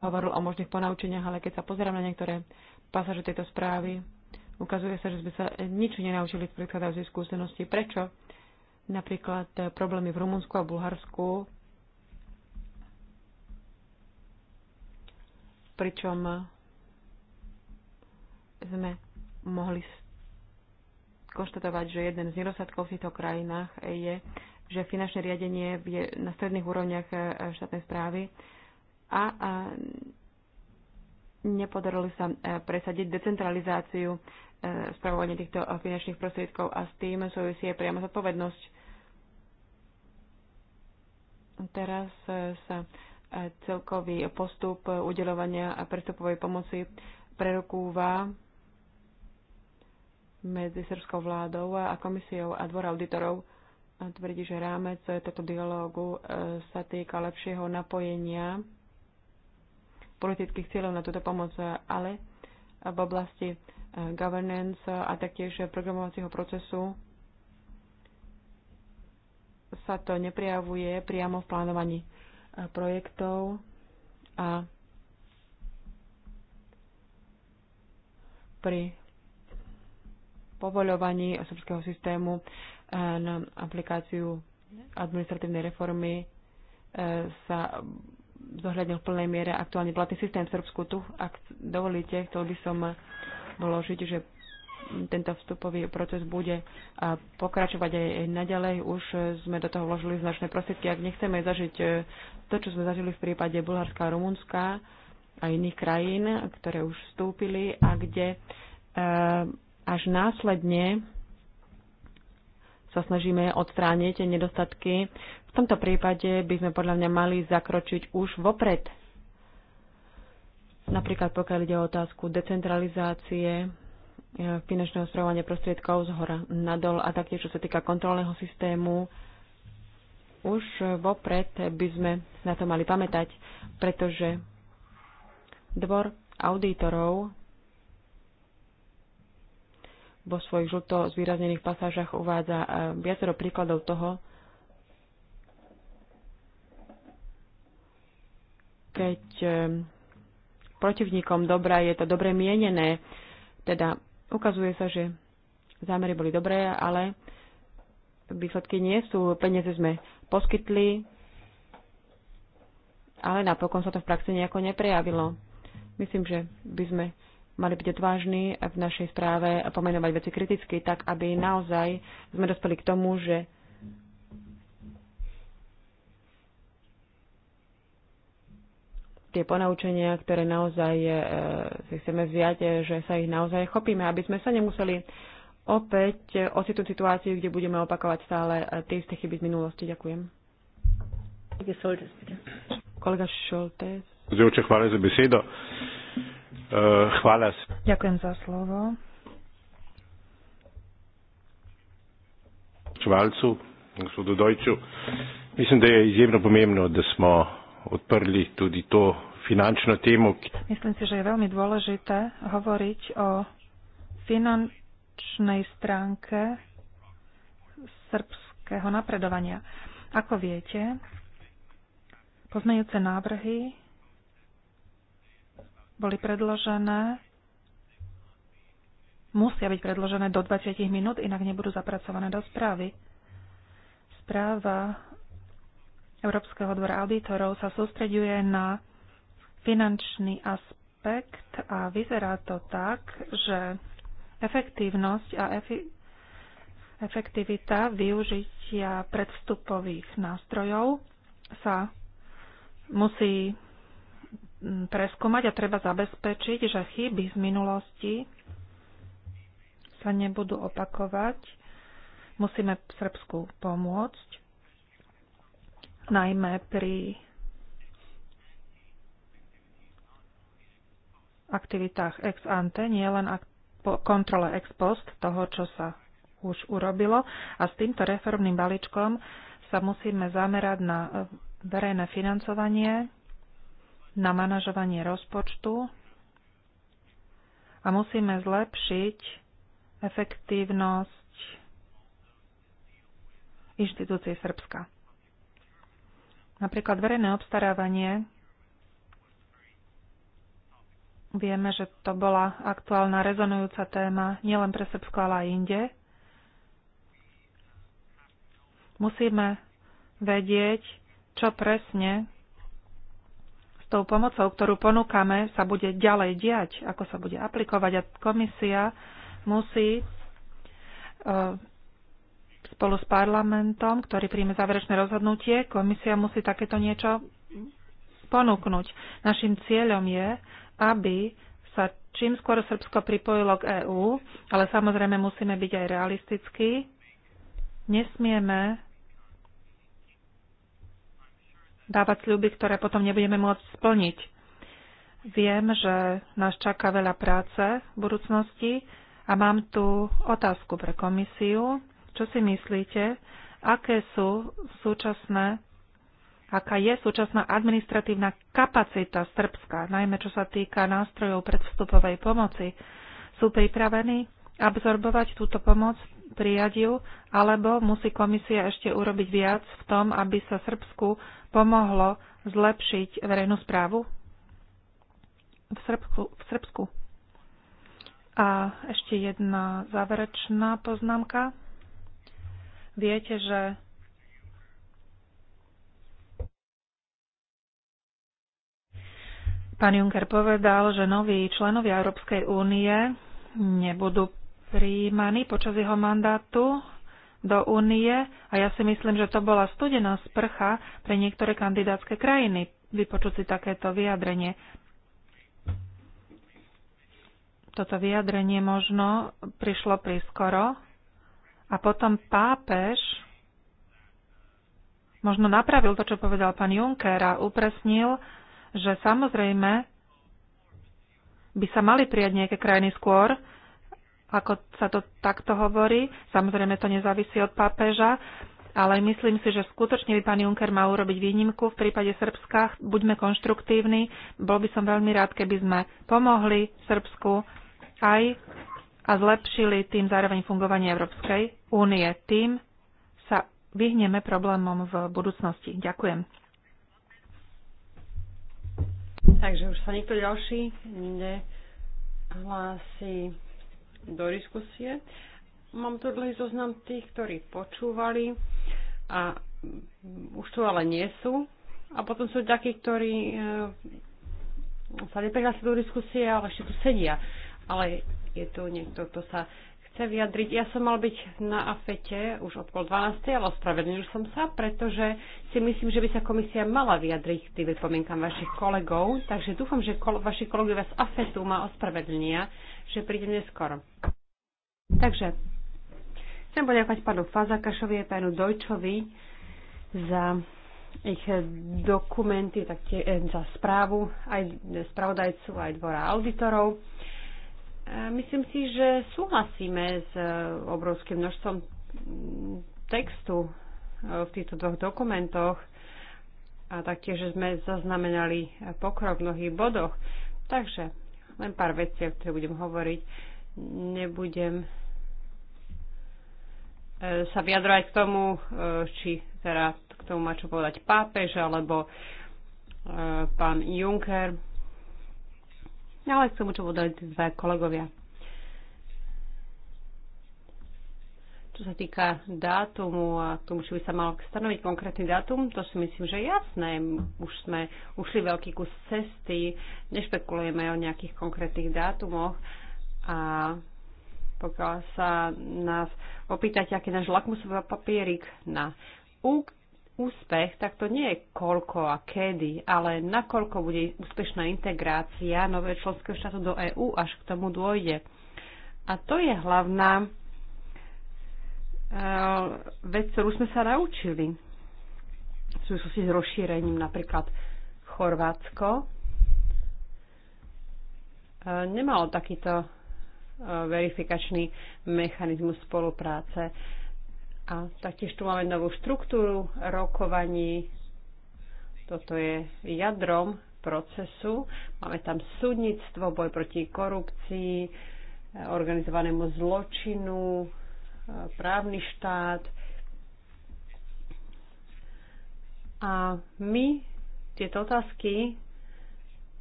hovoril o možných ponaučeniach, ale keď sa pozerám na niektoré pasaže tejto správy, ukazuje sa, že sme sa nič nenaučili z predchádzajúcej skúsenosti. Prečo? Napríklad problémy v Rumunsku a Bulharsku, pričom sme mohli konštatovať, že jeden z nedostatkov v týchto krajinách je, že finančné riadenie je na stredných úrovniach štátnej správy a, nepodarilo sa e, presadiť decentralizáciu e, spravovania týchto e, finančných prostriedkov a s tým súvisí aj priama zodpovednosť. Teraz sa celkový postup udelovania a prestupovej pomoci prerokúva medzi srbskou vládou a komisiou a dvor auditorov a tvrdí, že rámec tohto dialógu sa týka lepšieho napojenia politických cieľov na túto pomoc, ale v oblasti eh, governance a taktiež programovacieho procesu sa to neprijavuje priamo v plánovaní eh, projektov a pri povoľovaní osobského systému eh, na aplikáciu administratívnej reformy sa zohľadnil v plnej miere aktuálne platný systém v Srbsku. Tu, ak dovolíte, chcel by som vložiť, že tento vstupový proces bude pokračovať aj naďalej. Už sme do toho vložili značné prostriedky. Ak nechceme zažiť e, to, čo sme zažili v prípade Bulharska a Rumunska a iných krajín, ktoré už vstúpili a kde e, až následne sa snažíme odstrániť nedostatky v tomto prípade by sme podľa mňa mali zakročiť už vopred. Napríklad pokiaľ ide o otázku decentralizácie e, finančného spravovania prostriedkov z hora nadol a taktiež čo sa týka kontrolného systému, už vopred by sme na to mali pamätať, pretože dvor auditorov vo svojich žlto zvýraznených pasážach uvádza e, viacero príkladov toho, keď protivníkom dobra je to dobre mienené. Teda ukazuje sa, že zámery boli dobré, ale výsledky nie sú. Peniaze sme poskytli, ale napokon sa to v praxi nejako neprejavilo. Myslím, že by sme mali byť odvážni v našej správe a pomenovať veci kriticky, tak aby naozaj sme dospeli k tomu, že tie ponaučenia, ktoré naozaj e, si chceme vziať, e, že sa ich naozaj chopíme, aby sme sa nemuseli opäť e, ocitnúť situáciu, kde budeme opakovať stále tie isté chyby z minulosti. Ďakujem. Kolega Šoltes. Zdravče, hvala za besedo. Hvala. Ďakujem za slovo. Čvalcu, gospodu Dojču. Mislim, da je izjemno pomembno, da smo odprli tudi to finančno tému. Myslím si, že je veľmi dôležité hovoriť o finančnej stránke srbského napredovania. Ako viete, poznajúce návrhy boli predložené, musia byť predložené do 20 minút, inak nebudú zapracované do správy. Správa Európskeho dvora auditorov sa sústreďuje na finančný aspekt a vyzerá to tak, že efektívnosť a efi- efektivita využitia predstupových nástrojov sa musí mm, preskúmať a treba zabezpečiť, že chyby z minulosti sa nebudú opakovať. Musíme Srbsku pomôcť najmä pri aktivitách ex ante, nielen po kontrole ex post toho, čo sa už urobilo. A s týmto reformným balíčkom sa musíme zamerať na e, verejné financovanie, na manažovanie rozpočtu a musíme zlepšiť efektívnosť Inštitúcie Srbska. Napríklad verejné obstarávanie. Vieme, že to bola aktuálna rezonujúca téma nielen pre Srbsko, ale aj inde. Musíme vedieť, čo presne s tou pomocou, ktorú ponúkame, sa bude ďalej diať, ako sa bude aplikovať. A komisia musí e, spolu s parlamentom, ktorý príjme záverečné rozhodnutie, komisia musí takéto niečo ponúknuť. Našim cieľom je, aby sa čím skôr Srbsko pripojilo k EÚ, ale samozrejme musíme byť aj realistickí. Nesmieme dávať sľuby, ktoré potom nebudeme môcť splniť. Viem, že nás čaká veľa práce v budúcnosti a mám tu otázku pre komisiu. Čo si myslíte, aké sú súčasné, aká je súčasná administratívna kapacita Srbska, najmä čo sa týka nástrojov predvstupovej pomoci? Sú pripravení absorbovať túto pomoc, prijať ju, alebo musí komisia ešte urobiť viac v tom, aby sa Srbsku pomohlo zlepšiť verejnú správu? V Srbsku. V Srbsku. A ešte jedna záverečná poznámka. Viete, že pán Juncker povedal, že noví členovia Európskej únie nebudú príjmaní počas jeho mandátu do únie a ja si myslím, že to bola studená sprcha pre niektoré kandidátske krajiny vypočuť si takéto vyjadrenie. Toto vyjadrenie možno prišlo prískoro, a potom pápež možno napravil to, čo povedal pán Juncker a upresnil, že samozrejme by sa mali prijať nejaké krajiny skôr, ako sa to takto hovorí. Samozrejme to nezávisí od pápeža, ale myslím si, že skutočne by pán Juncker mal urobiť výnimku v prípade Srbska. Buďme konštruktívni. Bol by som veľmi rád, keby sme pomohli Srbsku aj a zlepšili tým zároveň fungovanie Európskej únie. Tým sa vyhneme problémom v budúcnosti. Ďakujem. Takže už sa niekto ďalší nehlási do diskusie. Mám tu dlhý zoznam tých, ktorí počúvali a už tu ale nie sú. A potom sú takí, ktorí e, sa neprihlásili do diskusie, ale ešte tu sedia. Ale je tu niekto, kto sa chce vyjadriť. Ja som mal byť na afete už od pol 12. ale ospravedlnil som sa, pretože si myslím, že by sa komisia mala vyjadriť k tým vypomienkam vašich kolegov, takže dúfam, že kol- vaši kolegovia z afetu ma ospravedlnia, že príde neskoro. Takže chcem poďakovať pánu Fazakašovi a pánu Dojčovi za ich dokumenty, tak tie, eh, za správu aj spravodajcu, aj dvora auditorov. Myslím si, že súhlasíme s e, obrovským množstvom textu e, v týchto dvoch dokumentoch a taktiež sme zaznamenali pokrok v mnohých bodoch. Takže len pár vecí, o ktorých budem hovoriť. Nebudem e, sa vyjadrovať k tomu, či teda k tomu má čo povedať pápež alebo pán Juncker ale k tomu, čo tí dva kolegovia. Čo sa týka dátumu a tomu, či by sa mal stanoviť konkrétny dátum, to si myslím, že je jasné. Už sme ušli veľký kus cesty, nešpekulujeme o nejakých konkrétnych dátumoch a pokiaľ sa nás opýtať, aký náš lakmusový papierik na úspech, tak to nie je koľko a kedy, ale nakoľko bude úspešná integrácia nového členského štátu do EÚ, až k tomu dôjde. A to je hlavná e, vec, ktorú sme sa naučili v súvislosti s rozšírením napríklad Chorvátsko e, nemalo takýto e, verifikačný mechanizmus spolupráce. A taktiež tu máme novú štruktúru rokovaní. Toto je jadrom procesu. Máme tam súdnictvo, boj proti korupcii, organizovanému zločinu, právny štát. A my tieto otázky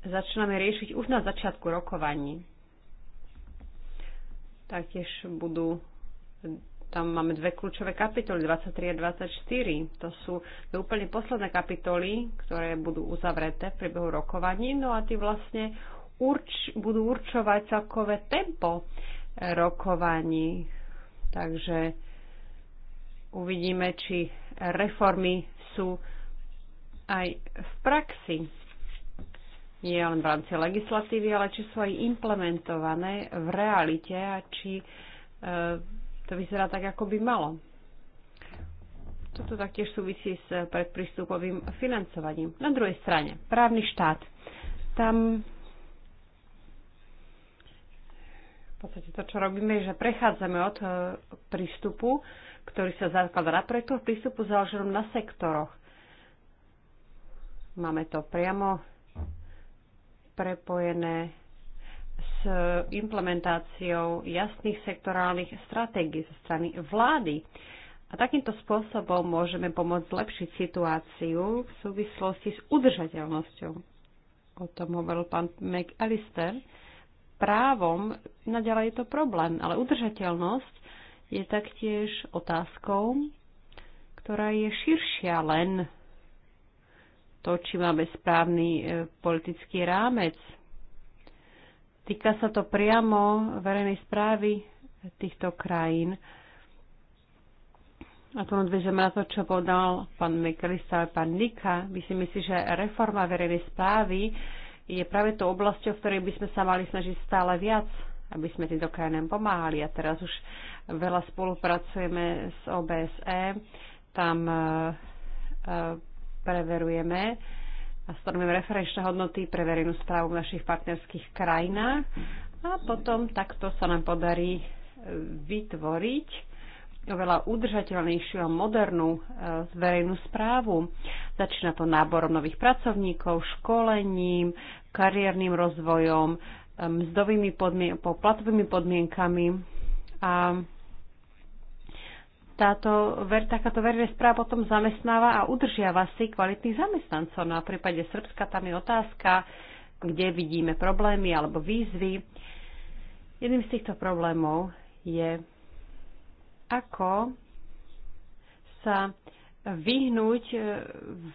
začíname riešiť už na začiatku rokovaní. Taktiež budú tam máme dve kľúčové kapitoly, 23 a 24. To sú úplne posledné kapitoly, ktoré budú uzavreté v priebehu rokovaní. No a tie vlastne urč, budú určovať celkové tempo rokovaní. Takže uvidíme, či reformy sú aj v praxi nie len v rámci legislatívy, ale či sú aj implementované v realite a či e, to vyzerá tak, ako by malo. Toto taktiež súvisí s predprístupovým financovaním. Na druhej strane, právny štát. Tam v podstate to, čo robíme, je, že prechádzame od e, prístupu, ktorý sa zakladá na v prístupu založenom na sektoroch. Máme to priamo prepojené s e, implementáciou jasných sektorálnych stratégií zo strany vlády. A takýmto spôsobom môžeme pomôcť zlepšiť situáciu v súvislosti s udržateľnosťou. O tom hovoril pán McAllister. Právom naďalej je to problém, ale udržateľnosť je taktiež otázkou, ktorá je širšia len to, či máme správny e, politický rámec, Týka sa to priamo verejnej správy týchto krajín. A tu nadviežem na to, čo povedal pán McAllister a pán Nika. Myslím si, že reforma verejnej správy je práve tou oblasťou, v ktorej by sme sa mali snažiť stále viac, aby sme týmto krajinám pomáhali. A teraz už veľa spolupracujeme s OBSE, tam eh, eh, preverujeme a stanovíme referenčné hodnoty pre verejnú správu v našich partnerských krajinách a potom takto sa nám podarí e, vytvoriť oveľa udržateľnejšiu a modernú e, verejnú správu. Začína to náborom nových pracovníkov, školením, kariérnym rozvojom, e, mzdovými podmien- platovými podmienkami a táto, takáto verejná správa potom zamestnáva a udržiava si kvalitných zamestnancov. No a v prípade Srbska tam je otázka, kde vidíme problémy alebo výzvy. Jedným z týchto problémov je, ako sa vyhnúť e,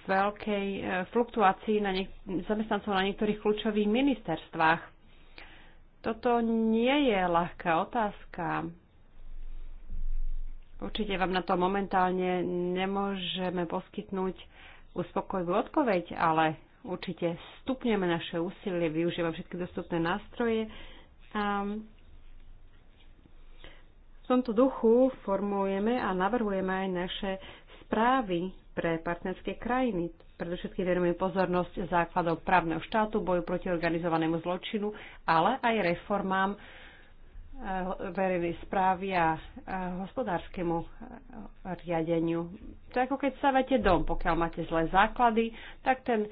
veľkej e, fluktuácii na niek- zamestnancov na niektorých kľúčových ministerstvách. Toto nie je ľahká otázka Určite vám na to momentálne nemôžeme poskytnúť uspokojivú odpoveď, ale určite stupňujeme naše úsilie, využívame všetky dostupné nástroje a v tomto duchu formujeme a navrhujeme aj naše správy pre partnerské krajiny. Predovšetkým venujeme pozornosť základov právneho štátu, boju proti organizovanému zločinu, ale aj reformám Eh, verili správy a eh, hospodárskému eh, riadeniu. To je ako keď stavete dom. Pokiaľ máte zlé základy, tak ten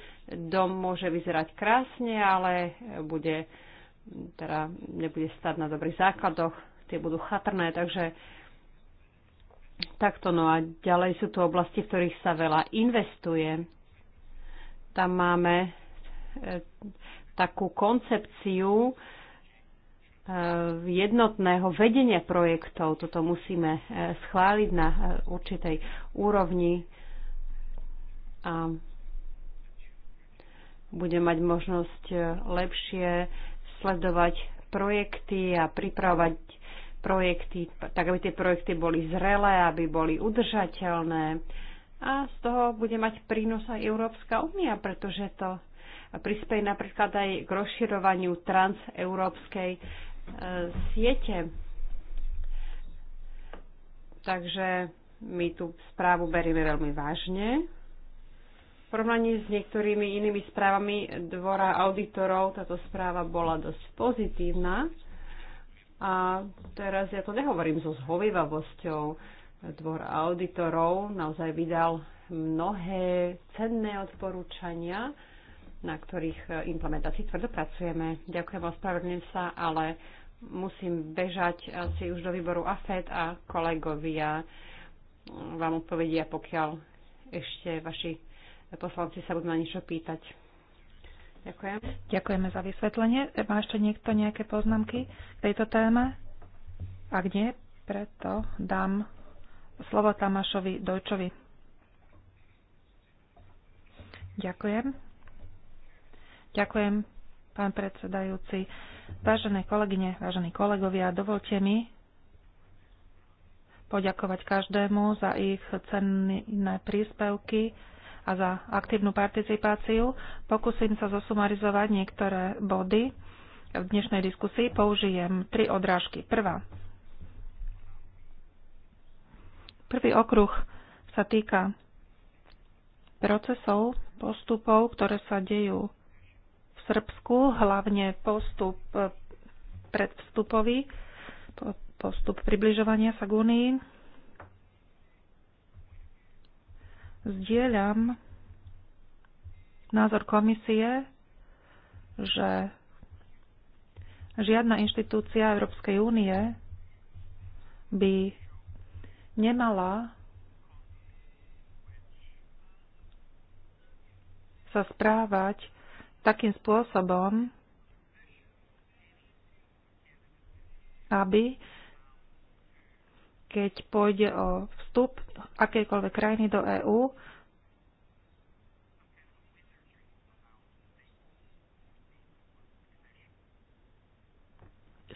dom môže vyzerať krásne, ale bude, teda nebude stať na dobrých základoch, tie budú chatrné, takže takto. No a ďalej sú tu oblasti, v ktorých sa veľa investuje. Tam máme takú koncepciu, Eh, jednotného vedenia projektov. Toto musíme eh, schváliť na eh, určitej úrovni a budem mať možnosť lepšie sledovať projekty a pripravovať projekty, tak aby tie projekty boli zrelé, aby boli udržateľné. A z toho bude mať prínos aj Európska únia, pretože to prispieje napríklad aj k rozširovaniu transeurópskej siete. Takže my tú správu berieme veľmi vážne. V porovnaní s niektorými inými správami dvora auditorov táto správa bola dosť pozitívna. A teraz ja to nehovorím so zhovivavosťou. Dvor auditorov naozaj vydal mnohé cenné odporúčania, na ktorých e, implementácii tvrdo pracujeme. Ďakujem, ospravedlňujem sa, ale musím bežať asi e, už do výboru AFED a kolegovia vám odpovedia, pokiaľ ešte vaši poslanci sa budú na niečo pýtať. Ďakujem. Ďakujeme za vysvetlenie. Má ešte niekto nejaké poznámky k tejto téme? Ak nie, preto dám slovo Tamášovi Dojčovi. Ďakujem. Ďakujem, pán predsedajúci. Vážené kolegyne, vážení kolegovia, dovolte mi poďakovať každému za ich cenné príspevky a za aktívnu participáciu. Pokúsim sa zosumarizovať niektoré body. V dnešnej diskusii použijem tri odrážky. Prvá. Prvý okruh sa týka procesov, postupov, ktoré sa dejú Srbsku, hlavne postup e, predvstupový, postup približovania sa k Únii. Zdieľam názor komisie, že žiadna inštitúcia Európskej únie by nemala sa správať takým spôsobom, aby keď pôjde o vstup akejkoľvek krajiny do EÚ,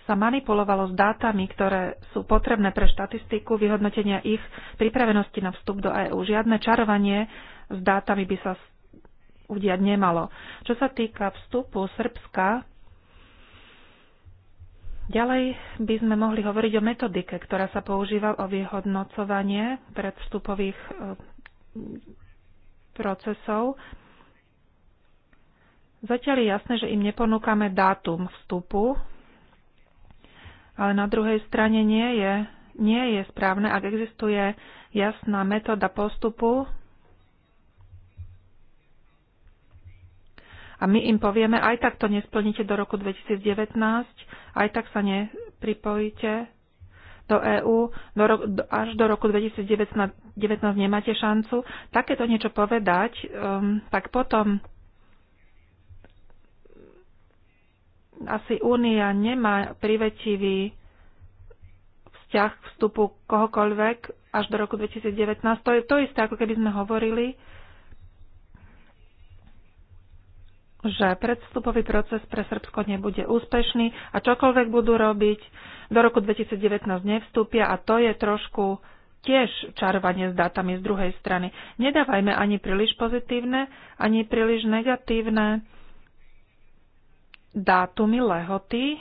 sa manipulovalo s dátami, ktoré sú potrebné pre štatistiku vyhodnotenia ich pripravenosti na vstup do EÚ. Žiadne čarovanie s dátami by sa udiať nemalo. Čo sa týka vstupu Srbska, ďalej by sme mohli hovoriť o metodike, ktorá sa používa o vyhodnocovanie predvstupových e, procesov. Zatiaľ je jasné, že im neponúkame dátum vstupu, ale na druhej strane nie je, nie je správne, ak existuje jasná metóda postupu, A my im povieme, aj tak to nesplníte do roku 2019, aj tak sa nepripojíte do EÚ, do, do, až do roku 2019 19 nemáte šancu. Takéto niečo povedať, um, tak potom asi Únia nemá privetivý vzťah vstupu kohokoľvek až do roku 2019. To je to isté, ako keby sme hovorili, že predstupový proces pre Srbsko nebude úspešný a čokoľvek budú robiť, do roku 2019 nevstúpia a to je trošku tiež čarovanie s dátami z druhej strany. Nedávajme ani príliš pozitívne, ani príliš negatívne dátumy lehoty.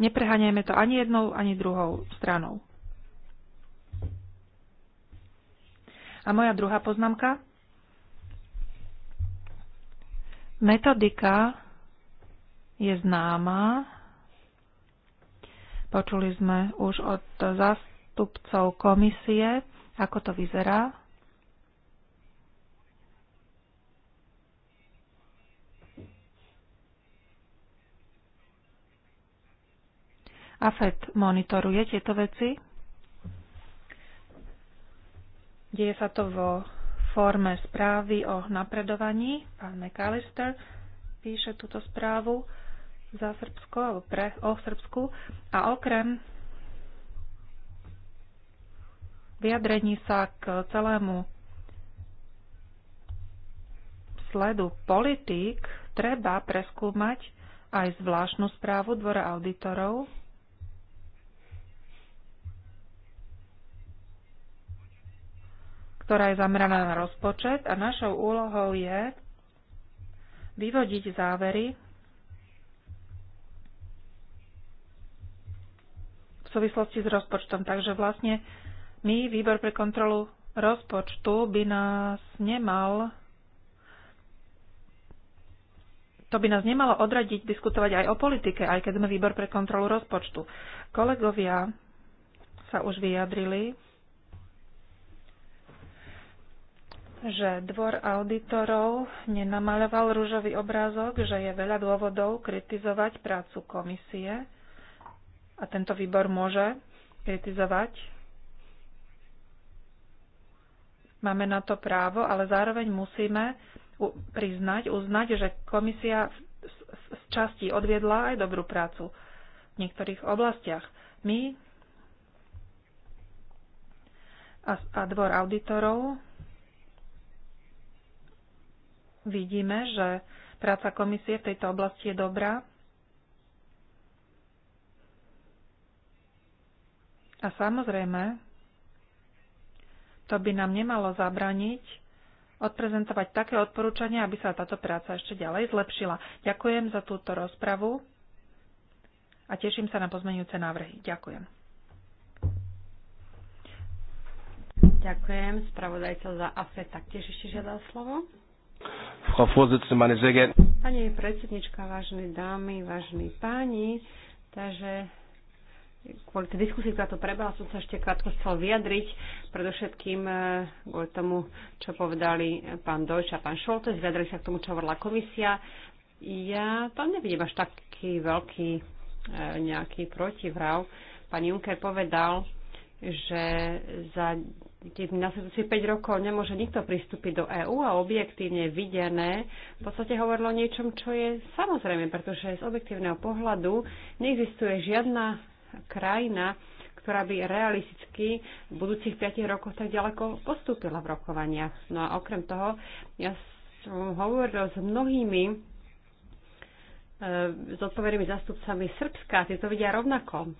Nepreháňajme to ani jednou, ani druhou stranou. A moja druhá poznámka Metodika je známa. Počuli sme už od zástupcov komisie, ako to vyzerá. AFED monitoruje tieto veci. Deje sa to vo forme správy o napredovaní. Pán McAllister píše túto správu za Srbsko alebo pre, o Srbsku a okrem vyjadrení sa k celému sledu politík treba preskúmať aj zvláštnu správu Dvora auditorov ktorá je zameraná na rozpočet a našou úlohou je vyvodiť závery v súvislosti s rozpočtom. Takže vlastne my, Výbor pre kontrolu rozpočtu, by nás nemal to by nás nemalo odradiť diskutovať aj o politike, aj keď sme výbor pre kontrolu rozpočtu. Kolegovia sa už vyjadrili že dvor auditorov nenamaľoval rúžový obrázok, že je veľa dôvodov kritizovať prácu komisie a tento výbor môže kritizovať. Máme na to právo, ale zároveň musíme priznať, uznať, že komisia z časti odviedla aj dobrú prácu v niektorých oblastiach. My a dvor auditorov Vidíme, že práca komisie v tejto oblasti je dobrá. A samozrejme, to by nám nemalo zabraniť odprezentovať také odporúčania, aby sa táto práca ešte ďalej zlepšila. Ďakujem za túto rozpravu a teším sa na pozmenujúce návrhy. Ďakujem. Ďakujem. Spravodajca za AFE taktiež ešte žiadal slovo. Frau Vorsitzende, meine sehr geehrten. Pani predsednička, vážne dámy, vážení páni, takže kvôli tej diskusii, ktorá to prebehla, som sa ešte krátko chcel vyjadriť, predovšetkým eh, kvôli tomu, čo povedali pán Dojč a pán Šoltes, vyjadrili sa k tomu, čo hovorila komisia. Ja tam nevidím až taký veľký eh, nejaký protivrav. Pán Juncker povedal, že za tých nasledujúcich 5 rokov nemôže nikto pristúpiť do EÚ a objektívne videné v podstate hovorilo o niečom, čo je samozrejme, pretože z objektívneho pohľadu neexistuje žiadna krajina, ktorá by realisticky v budúcich 5 rokoch tak ďaleko postúpila v rokovaniach. No a okrem toho, ja som hovoril s mnohými e, s odpovednými zastupcami Srbska, tí to vidia rovnako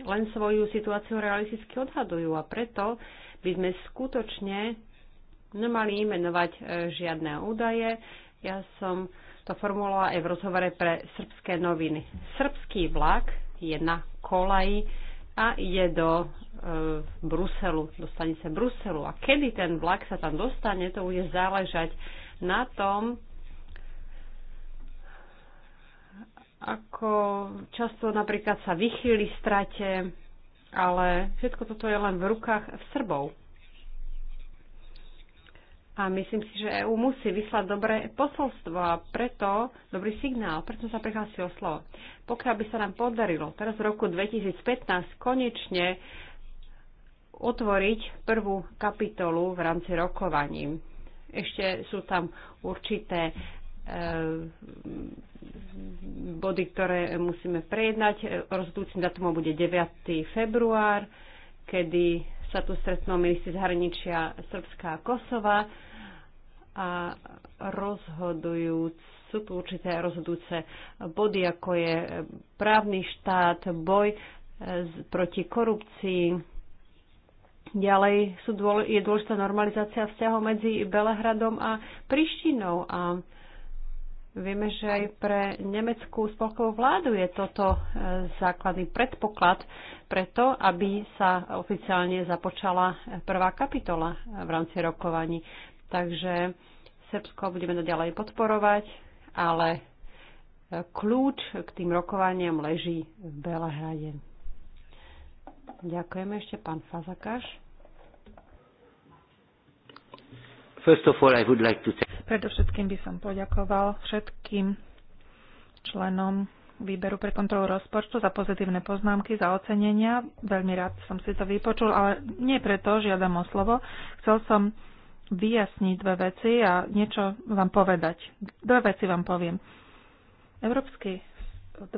len svoju situáciu realisticky odhadujú a preto by sme skutočne nemali imenovať e, žiadne údaje. Ja som to formulovala aj v rozhovore pre srbské noviny. Srbský vlak je na kolaji a ide do e, Bruselu, do stanice Bruselu. A kedy ten vlak sa tam dostane, to bude záležať na tom, ako často napríklad sa vychýli strate, ale všetko toto je len v rukách v Srbov. A myslím si, že EU musí vyslať dobré posolstvo a preto dobrý signál, preto sa prihlásil o slovo. Pokiaľ by sa nám podarilo teraz v roku 2015 konečne otvoriť prvú kapitolu v rámci rokovaní. Ešte sú tam určité Eh, body, ktoré musíme prejednať. Rozhodujúcim datumom bude 9. február, kedy sa tu stretnú ministri zahraničia Srbská a Kosova a rozhodujú sú tu určité rozhodujúce body, ako je právny štát, boj eh, proti korupcii. Ďalej sú dôle, je dôležitá normalizácia vzťahov medzi Belehradom a Prištinou a Vieme, že aj pre nemeckú spolkovú vládu je toto e, základný predpoklad to, aby sa oficiálne započala prvá kapitola e, v rámci rokovaní. Takže Srbsko budeme naďalej podporovať, ale e, kľúč k tým rokovaniam leží v Belehrade. Ďakujeme ešte pán Fazakáš. First of all, I would like to Predovšetkým by som poďakoval všetkým členom výberu pre kontrolu rozpočtu za pozitívne poznámky, za ocenenia. Veľmi rád som si to vypočul, ale nie preto žiadam o slovo. Chcel som vyjasniť dve veci a niečo vám povedať. Dve veci vám poviem. Európsky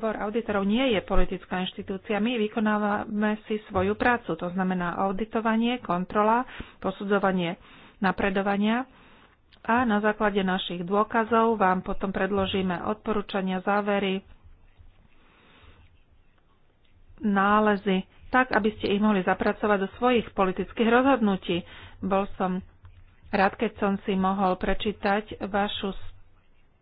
dvor auditorov nie je politická inštitúcia. My vykonávame si svoju prácu, to znamená auditovanie, kontrola, posudzovanie napredovania a na základe našich dôkazov vám potom predložíme odporúčania, závery, nálezy, tak, aby ste ich mohli zapracovať do svojich politických rozhodnutí. Bol som rád, keď som si mohol prečítať vašu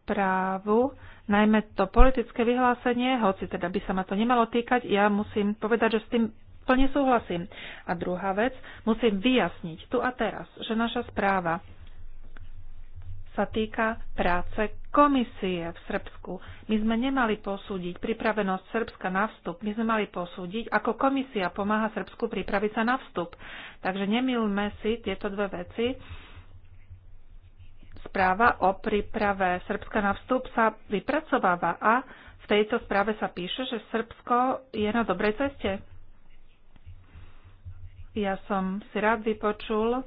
správu, najmä to politické vyhlásenie, hoci teda by sa ma to nemalo týkať, ja musím povedať, že s tým plne súhlasím. A druhá vec, musím vyjasniť tu a teraz, že naša správa sa týka práce komisie v Srbsku. My sme nemali posúdiť pripravenosť Srbska na vstup. My sme mali posúdiť, ako komisia pomáha Srbsku pripraviť sa na vstup. Takže nemilme si tieto dve veci. Správa o príprave Srbska na vstup sa vypracováva a v tejto správe sa píše, že Srbsko je na dobrej ceste. Ja som si rád vypočul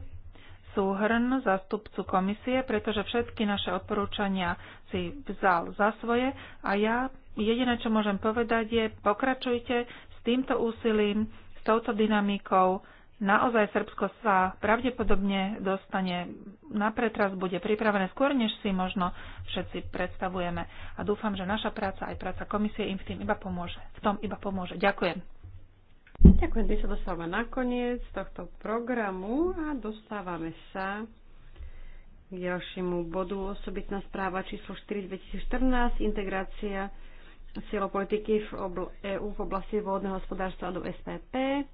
súhrn zastupcu komisie, pretože všetky naše odporúčania si vzal za svoje a ja jediné, čo môžem povedať je, pokračujte s týmto úsilím, s touto dynamikou, naozaj Srbsko sa pravdepodobne dostane na pretras, bude pripravené skôr, než si možno všetci predstavujeme. A dúfam, že naša práca aj práca komisie im v, tým iba pomôže. v tom iba pomôže. Ďakujem. Ďakujem, ty sa dostávame na koniec tohto programu a dostávame sa k ďalšiemu bodu osobitná správa číslo 4 2014 integrácia cieľov politiky v obl- EU v oblasti vodného hospodárstva do SPP.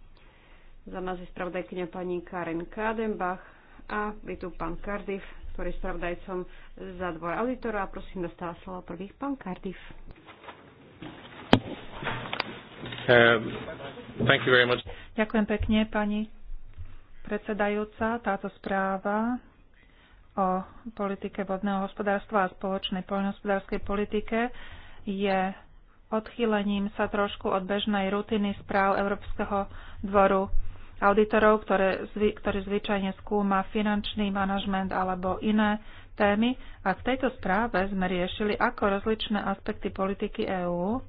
Za nás je spravodajkňa pani Karen Kadenbach a je tu pán Cardiff, ktorý je spravodajcom za dvor auditora. Prosím, dostáva slovo prvých pán Cardiff. Um, thank you very much. Ďakujem pekne, pani predsedajúca. Táto správa o politike vodného hospodárstva a spoločnej poľnohospodárskej politike je odchýlením sa trošku od bežnej rutiny správ Európskeho dvoru auditorov, ktoré, ktorý zvyčajne skúma finančný manažment alebo iné témy. A v tejto správe sme riešili, ako rozličné aspekty politiky EÚ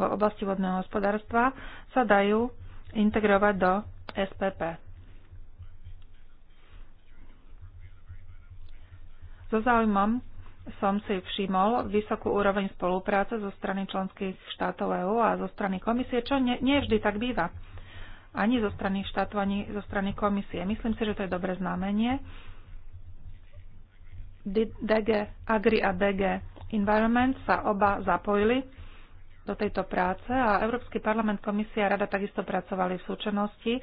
v oblasti vodného hospodárstva sa dajú integrovať do SPP. So záujmom som si všimol vysokú úroveň spolupráce zo strany členských štátov EÚ a zo strany komisie, čo nie, nie vždy tak býva. Ani zo strany štátov, ani zo strany komisie. Myslím si, že to je dobré znamenie. DG Agri a DG Environment sa oba zapojili do tejto práce a Európsky parlament, komisia a rada takisto pracovali v súčenosti, e,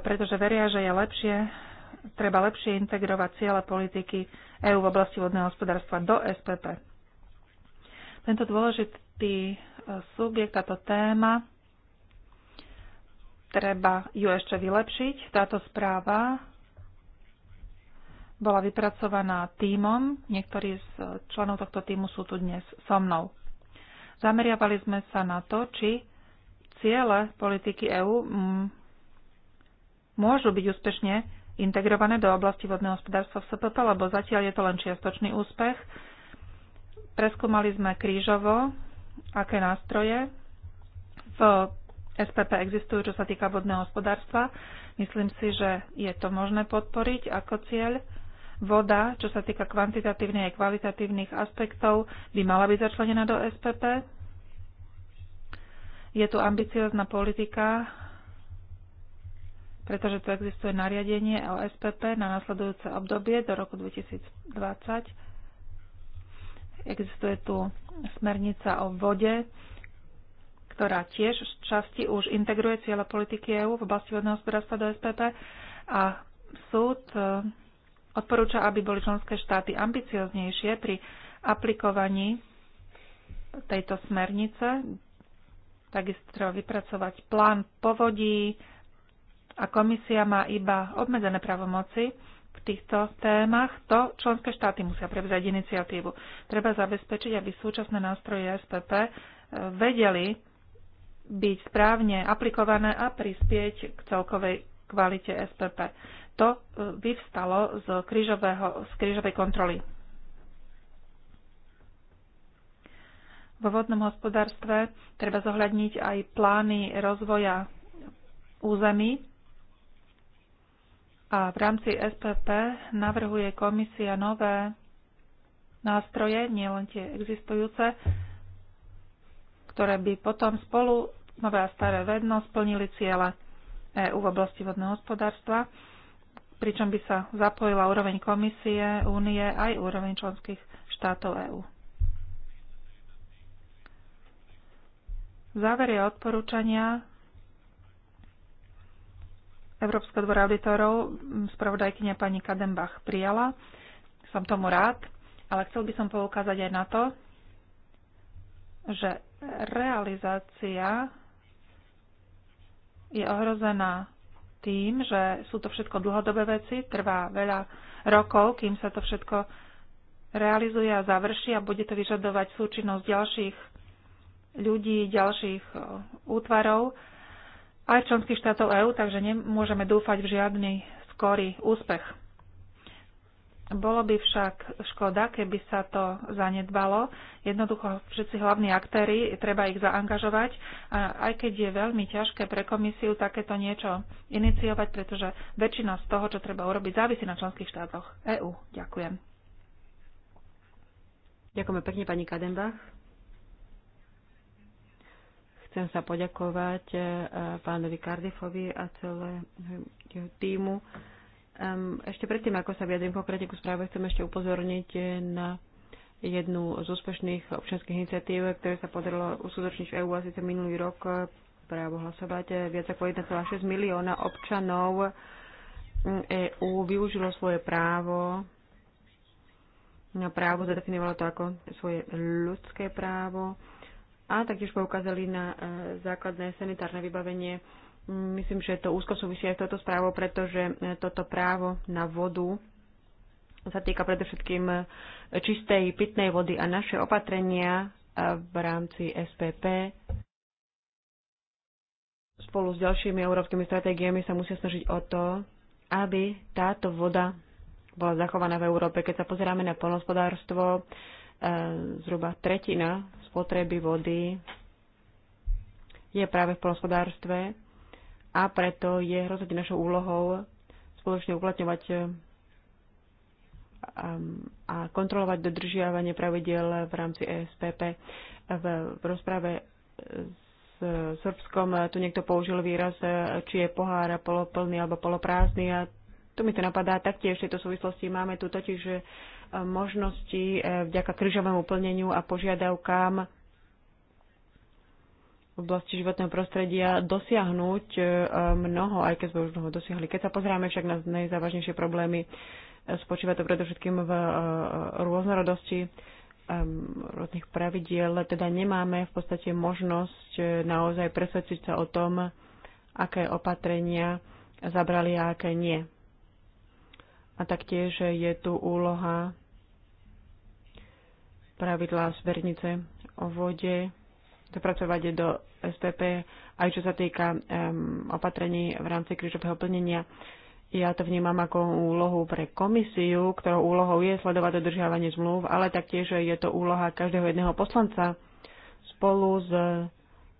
pretože veria, že je lepšie, treba lepšie integrovať ciele politiky EÚ v oblasti vodného hospodárstva do SPP. Tento dôležitý e, subjekt, táto téma, treba ju ešte vylepšiť. Táto správa bola vypracovaná tímom. Niektorí z členov tohto týmu sú tu dnes so mnou. Zameriavali sme sa na to, či ciele politiky EÚ mm, môžu byť úspešne integrované do oblasti vodného hospodárstva v SPP, lebo zatiaľ je to len čiastočný úspech. Preskúmali sme krížovo, aké nástroje v SPP existujú, čo sa týka vodného hospodárstva. Myslím si, že je to možné podporiť ako cieľ voda, čo sa týka kvantitatívnych a kvalitatívnych aspektov, by mala byť začlenená do SPP. Je tu ambiciozná politika, pretože tu existuje nariadenie o SPP na nasledujúce obdobie do roku 2020. Existuje tu smernica o vode, ktorá tiež v časti už integruje cieľa politiky EÚ v oblasti vodného hospodárstva do SPP a súd Odporúča, aby boli členské štáty ambicioznejšie pri aplikovaní tejto smernice. Takisto treba vypracovať plán povodí a komisia má iba obmedzené pravomoci v týchto témach. To členské štáty musia prevzať iniciatívu. Treba zabezpečiť, aby súčasné nástroje SPP eh, vedeli byť správne aplikované a prispieť k celkovej kvalite SPP. To e, vyvstalo z, krížového, z krížovej kontroly. Vo vodnom hospodárstve treba zohľadniť aj plány rozvoja území a v rámci SPP navrhuje komisia nové nástroje, nielen tie existujúce, ktoré by potom spolu, nové a staré vedno, splnili ciele EU v oblasti vodného hospodárstva pričom by sa zapojila úroveň komisie, únie aj úroveň členských štátov EÚ. Závery a odporúčania Európska dvora auditorov spravodajkynia pani Kadenbach prijala. Som tomu rád, ale chcel by som poukázať aj na to, že realizácia je ohrozená tým, že sú to všetko dlhodobé veci, trvá veľa rokov, kým sa to všetko realizuje a završí a bude to vyžadovať súčinnosť ďalších ľudí, ďalších útvarov aj členských štátov EÚ, takže nemôžeme dúfať v žiadny skorý úspech. Bolo by však škoda, keby sa to zanedbalo. Jednoducho všetci hlavní aktéry, treba ich zaangažovať. A aj keď je veľmi ťažké pre komisiu takéto niečo iniciovať, pretože väčšina z toho, čo treba urobiť, závisí na členských štátoch EÚ. Ďakujem. Ďakujeme pekne, pani Kadenbach. Chcem sa poďakovať eh, pánovi Kardifovi a celému jeho týmu ešte predtým, ako sa vyjadrím konkrétne ku správe, chcem ešte upozorniť na jednu z úspešných občanských iniciatív, ktoré sa podarilo uskutočniť v EU asi síce minulý rok právo hlasovať. Eh, viac ako 1,6 milióna občanov mm, EU využilo svoje právo na no, právo, zadefinovalo to ako svoje ľudské právo a taktiež poukázali na eh, základné sanitárne vybavenie Myslím, že to úzko súvisí aj s touto správou, pretože e, toto právo na vodu sa týka predovšetkým e, čistej pitnej vody a naše opatrenia e, v rámci SPP spolu s ďalšími európskymi stratégiami sa musia snažiť o to, aby táto voda bola zachovaná v Európe. Keď sa pozeráme na polnospodárstvo, zhruba tretina spotreby vody je práve v polnospodárstve a preto je rozhodne našou úlohou spoločne uplatňovať eh, a kontrolovať dodržiavanie pravidel v rámci ESPP. V, v rozprave eh, s Srbskom eh, tu niekto použil výraz, či je pohár poloplný alebo poloprázdny a tu mi to napadá taktiež v tejto súvislosti. Máme tu totiž možnosti vďaka krížovému plneniu a požiadavkám v oblasti životného prostredia dosiahnuť e, mnoho, aj keď sme už mnoho dosiahli. Keď sa pozrieme však na najzávažnejšie problémy, e, spočíva to predovšetkým v e, rôznorodosti rôznych pravidiel, teda nemáme v podstate možnosť naozaj presvedčiť sa o tom, aké opatrenia zabrali a aké nie. A taktiež je tu úloha pravidlá zvernice o vode, zapracovať do SPP, aj čo sa týka um, opatrení v rámci krížového plnenia. Ja to vnímam ako úlohu pre komisiu, ktorou úlohou je sledovať dodržiavanie zmluv, ale taktiež je to úloha každého jedného poslanca spolu s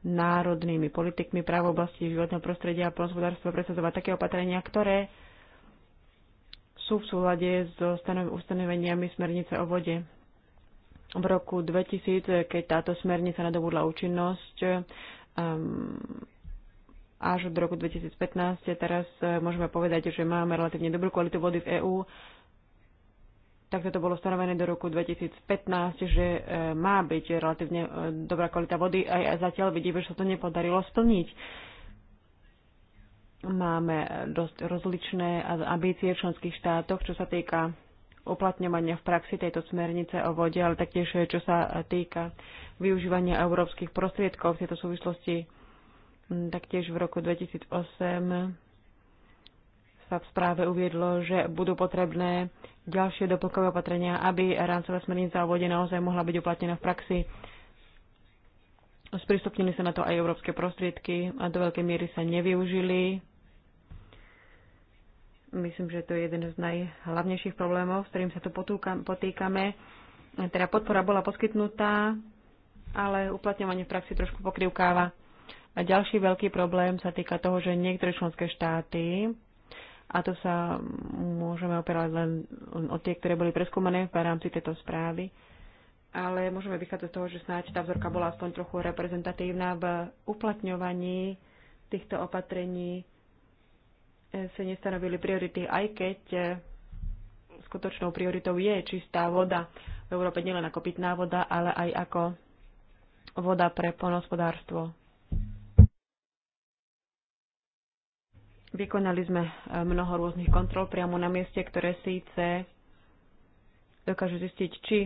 národnými politikmi práv oblasti životného prostredia a hospodárstva presadzovať také opatrenia, ktoré sú v súlade so ustanoveniami smernice o vode v roku 2000, keď táto smernica nadobudla účinnosť, um, až do roku 2015. Teraz e, môžeme povedať, že máme relatívne dobrú kvalitu vody v EÚ. tak to bolo stanovené do roku 2015, že e, má byť relatívne e, dobrá kvalita vody a zatiaľ vidíme, že sa to nepodarilo splniť. Máme dosť rozličné ambície v členských štátoch, čo sa týka uplatňovania v praxi tejto smernice o vode, ale taktiež eh, čo sa týka využívania európskych prostriedkov v tejto súvislosti. Mm, taktiež v roku 2008 sa v správe uviedlo, že budú potrebné ďalšie doplnkové opatrenia, aby rámcová smernica o vode naozaj mohla byť uplatnená v praxi. Sprístupnili sa na to aj európske prostriedky a do veľkej miery sa nevyužili Myslím, že to je jeden z najhlavnejších problémov, s ktorým sa tu potýkame. Teda podpora bola poskytnutá, ale uplatňovanie v praxi trošku pokrivkáva. A ďalší veľký problém sa týka toho, že niektoré členské štáty, a to sa môžeme opierať len o tie, ktoré boli preskúmané v rámci tejto správy, ale môžeme vychádzať z toho, že snáď tá vzorka bola aspoň trochu reprezentatívna v uplatňovaní týchto opatrení si nestanovili priority, aj keď e, skutočnou prioritou je čistá voda v Európe, nielen ako pitná voda, ale aj ako voda pre poľnohospodárstvo. Vykonali sme e, mnoho rôznych kontrol priamo na mieste, ktoré síce dokážu zistiť, či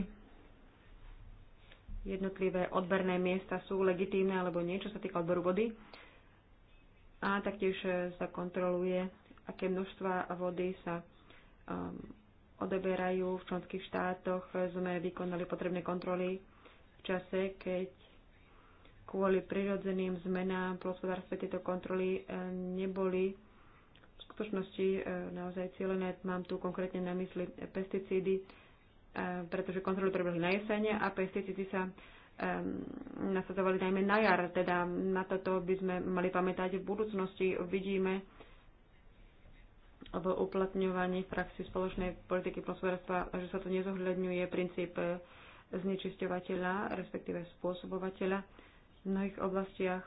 jednotlivé odberné miesta sú legitímne alebo niečo sa týka odberu vody. A taktiež e, sa kontroluje aké množstva vody sa um, odeberajú v členských štátoch. Sme vykonali potrebné kontroly v čase, keď kvôli prirodzeným zmenám v hospodárstve tieto kontroly eh, neboli v skutočnosti eh, naozaj cílené. Mám tu konkrétne na mysli pesticídy, eh, pretože kontroly prebehli na jesene a pesticídy sa nasadzovali najmä na jar. Teda na toto by sme mali pamätať v budúcnosti. Vidíme, alebo uplatňovaní v praxi spoločnej politiky plnospodárstva, že sa tu nezohľadňuje princíp e, znečisťovateľa, respektíve spôsobovateľa. V mnohých oblastiach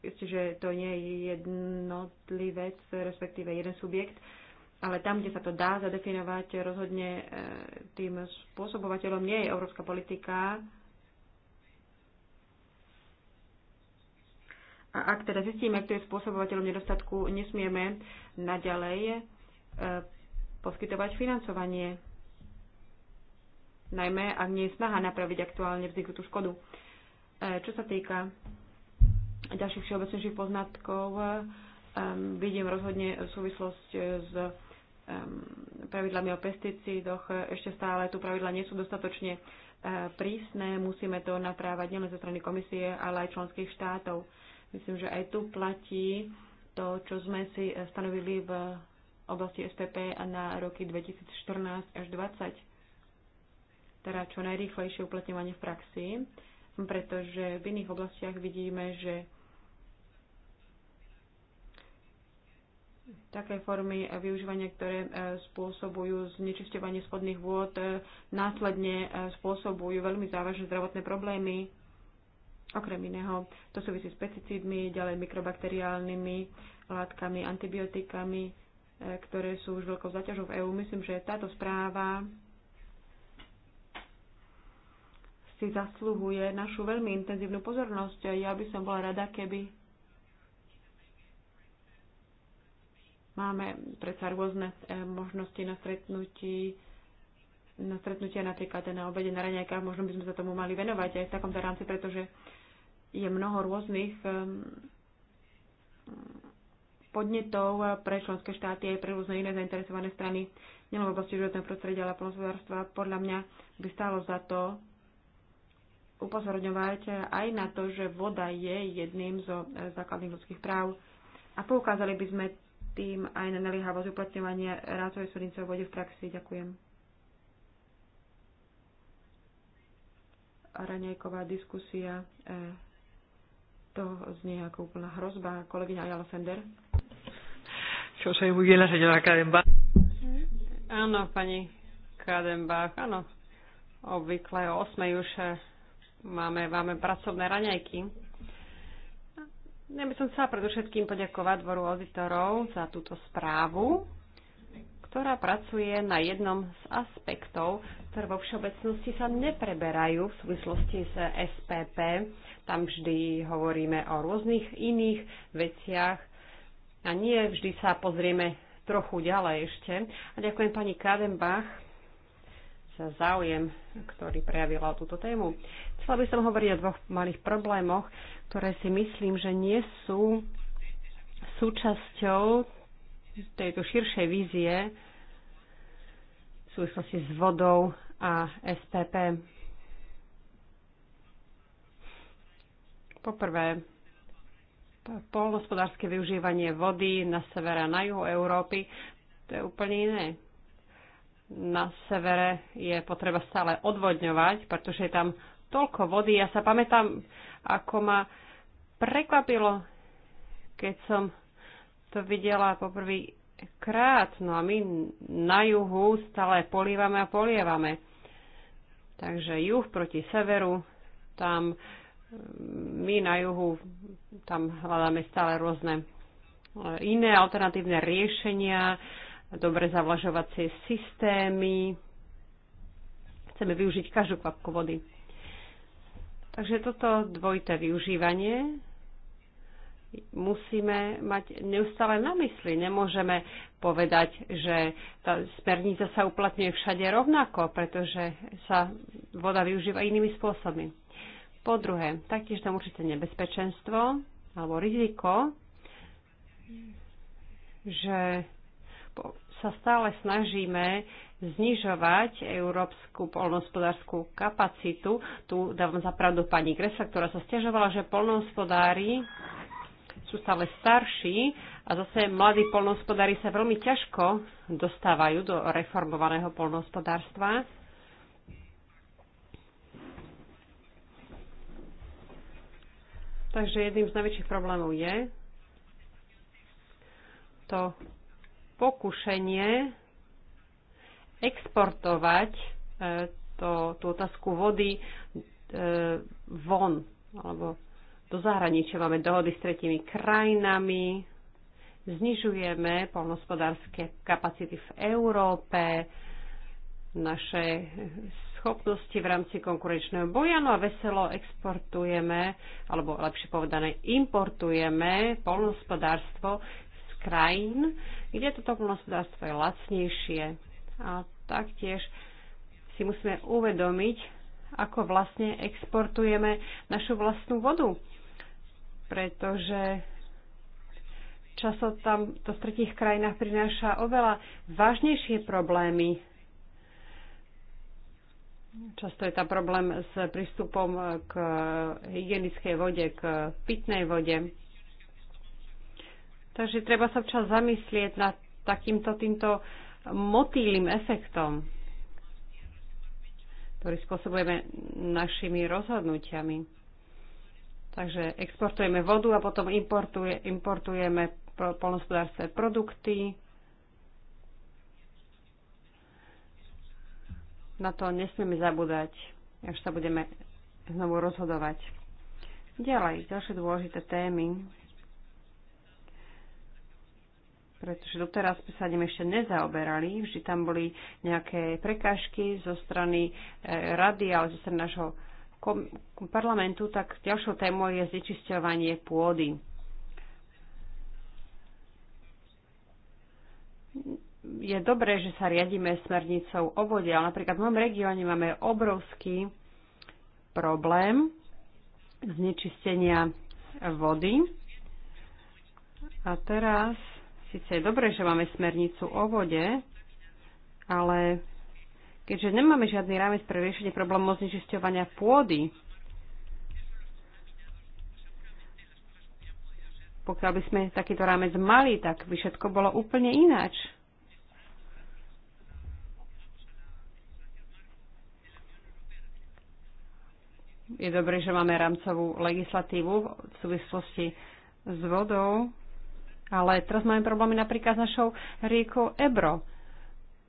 isté, že to nie je jednotlivec, respektíve jeden subjekt, ale tam, kde sa to dá zadefinovať, rozhodne e, tým spôsobovateľom nie je európska politika, A ak teda zistíme, kto je spôsobovateľom nedostatku, nesmieme naďalej e, poskytovať financovanie. Najmä, ak nie je snaha napraviť aktuálne vzniknutú škodu. E, čo sa týka ďalších všeobecnejších poznatkov, e, vidím rozhodne súvislosť s pravidlami o pesticídoch. Ešte stále tu pravidla nie sú dostatočne prísne, musíme to naprávať nielen zo strany komisie, ale aj členských štátov. Myslím, že aj tu platí to, čo sme si stanovili v oblasti SPP a na roky 2014 až 2020, teda čo najrýchlejšie uplatňovanie v praxi, pretože v iných oblastiach vidíme, že také formy využívania, ktoré e, spôsobujú znečisťovanie spodných vôd, e, následne e, spôsobujú veľmi závažné zdravotné problémy Okrem iného, to súvisí s pesticídmi, ďalej mikrobakteriálnymi látkami, antibiotikami, e, ktoré sú už veľkou zaťažou v EÚ. Myslím, že táto správa si zasluhuje našu veľmi intenzívnu pozornosť. Ja by som bola rada, keby máme predsa rôzne e, možnosti na stretnutí, na stretnutia napríklad na obede, na raňajkách, možno by sme sa tomu mali venovať aj v takomto rámci, pretože je mnoho rôznych ehm, podnetov pre členské štáty aj pre rôzne iné zainteresované strany, nielen v oblasti životného prostredia, ale plnospodárstva. Podľa mňa by stálo za to upozorňovať aj na to, že voda je jedným zo e, základných ľudských práv a poukázali by sme tým aj na naliehavosť uplatňovania rácovej súdnice o vode v praxi. Ďakujem. Raňajková diskusia e, to znie ako úplná hrozba. Kolegyňa Ayala Fender. Čo sa im la señora Kadenbach. Áno, pani Kadenbach, áno. Obvykle o 8 už eh, máme, máme pracovné raňajky. Ja by som chcela predovšetkým poďakovať dvoru auditorov za túto správu, ktorá pracuje na jednom z aspektov, ktoré vo všeobecnosti sa nepreberajú v súvislosti s SPP. Tam vždy hovoríme o rôznych iných veciach a nie vždy sa pozrieme trochu ďalej ešte. A ďakujem pani Kadenbach za záujem, ktorý prejavila túto tému. Chcela by som hovoriť o dvoch malých problémoch, ktoré si myslím, že nie sú súčasťou tejto širšej vízie v súvislosti s vodou a SPP. Poprvé, polnospodárske využívanie vody na severe a na juhu Európy, to je úplne iné. Na severe je potreba stále odvodňovať, pretože je tam toľko vody. Ja sa pamätám, ako ma prekvapilo, keď som to videla poprvý krát. No a my na juhu stále polievame a polievame. Takže juh proti severu, tam mm, my na juhu tam hľadáme stále rôzne e, iné alternatívne riešenia, dobre zavlažovacie systémy. Chceme využiť každú kvapku vody. Takže toto dvojité využívanie musíme mať neustále na mysli. Nemôžeme povedať, že tá smernica sa uplatňuje všade rovnako, pretože sa voda využíva inými spôsobmi. Po druhé, taktiež tam určité nebezpečenstvo alebo riziko, že sa stále snažíme znižovať európsku polnohospodárskú kapacitu. Tu dávam zapravdu pani Gresa, ktorá sa stiažovala, že polnohospodári sú stále starší a zase mladí polnohospodári sa veľmi ťažko dostávajú do reformovaného polnohospodárstva. Takže jedným z najväčších problémov je to pokušenie exportovať e, to, tú otázku vody e, von alebo do zahraničia, máme dohody s tretimi krajinami, znižujeme polnospodárske kapacity v Európe, naše schopnosti v rámci konkurenčného boja, no a veselo exportujeme, alebo lepšie povedané, importujeme polnospodárstvo z krajín, kde toto polnospodárstvo je lacnejšie. A taktiež si musíme uvedomiť, ako vlastne exportujeme našu vlastnú vodu pretože často tam to v tretích krajinách prináša oveľa vážnejšie problémy. Často je tam problém s prístupom k hygienickej vode, k pitnej vode. Takže treba sa včas zamyslieť nad takýmto týmto motýlim efektom, ktorý spôsobujeme našimi rozhodnutiami. Takže exportujeme vodu a potom importuje, importujeme polnospodárstve produkty. Na to nesmieme zabúdať, až sa budeme znovu rozhodovať. Ďalej, ďalšie dôležité témy, pretože doteraz sme sa ním ešte nezaoberali. Vždy tam boli nejaké prekážky zo strany eh, rady, ale zo strany našho parlamentu, tak ďalšou témou je znečisťovanie pôdy. Je dobré, že sa riadíme smernicou o vode, ale napríklad v mojom regióne máme obrovský problém znečistenia vody. A teraz, síce je dobré, že máme smernicu o vode, ale keďže nemáme žiadny rámec pre riešenie problémov znečisťovania pôdy. Pokiaľ by sme takýto rámec mali, tak by všetko bolo úplne ináč. Je dobré, že máme rámcovú legislatívu v súvislosti s vodou, ale teraz máme problémy napríklad s našou riekou Ebro,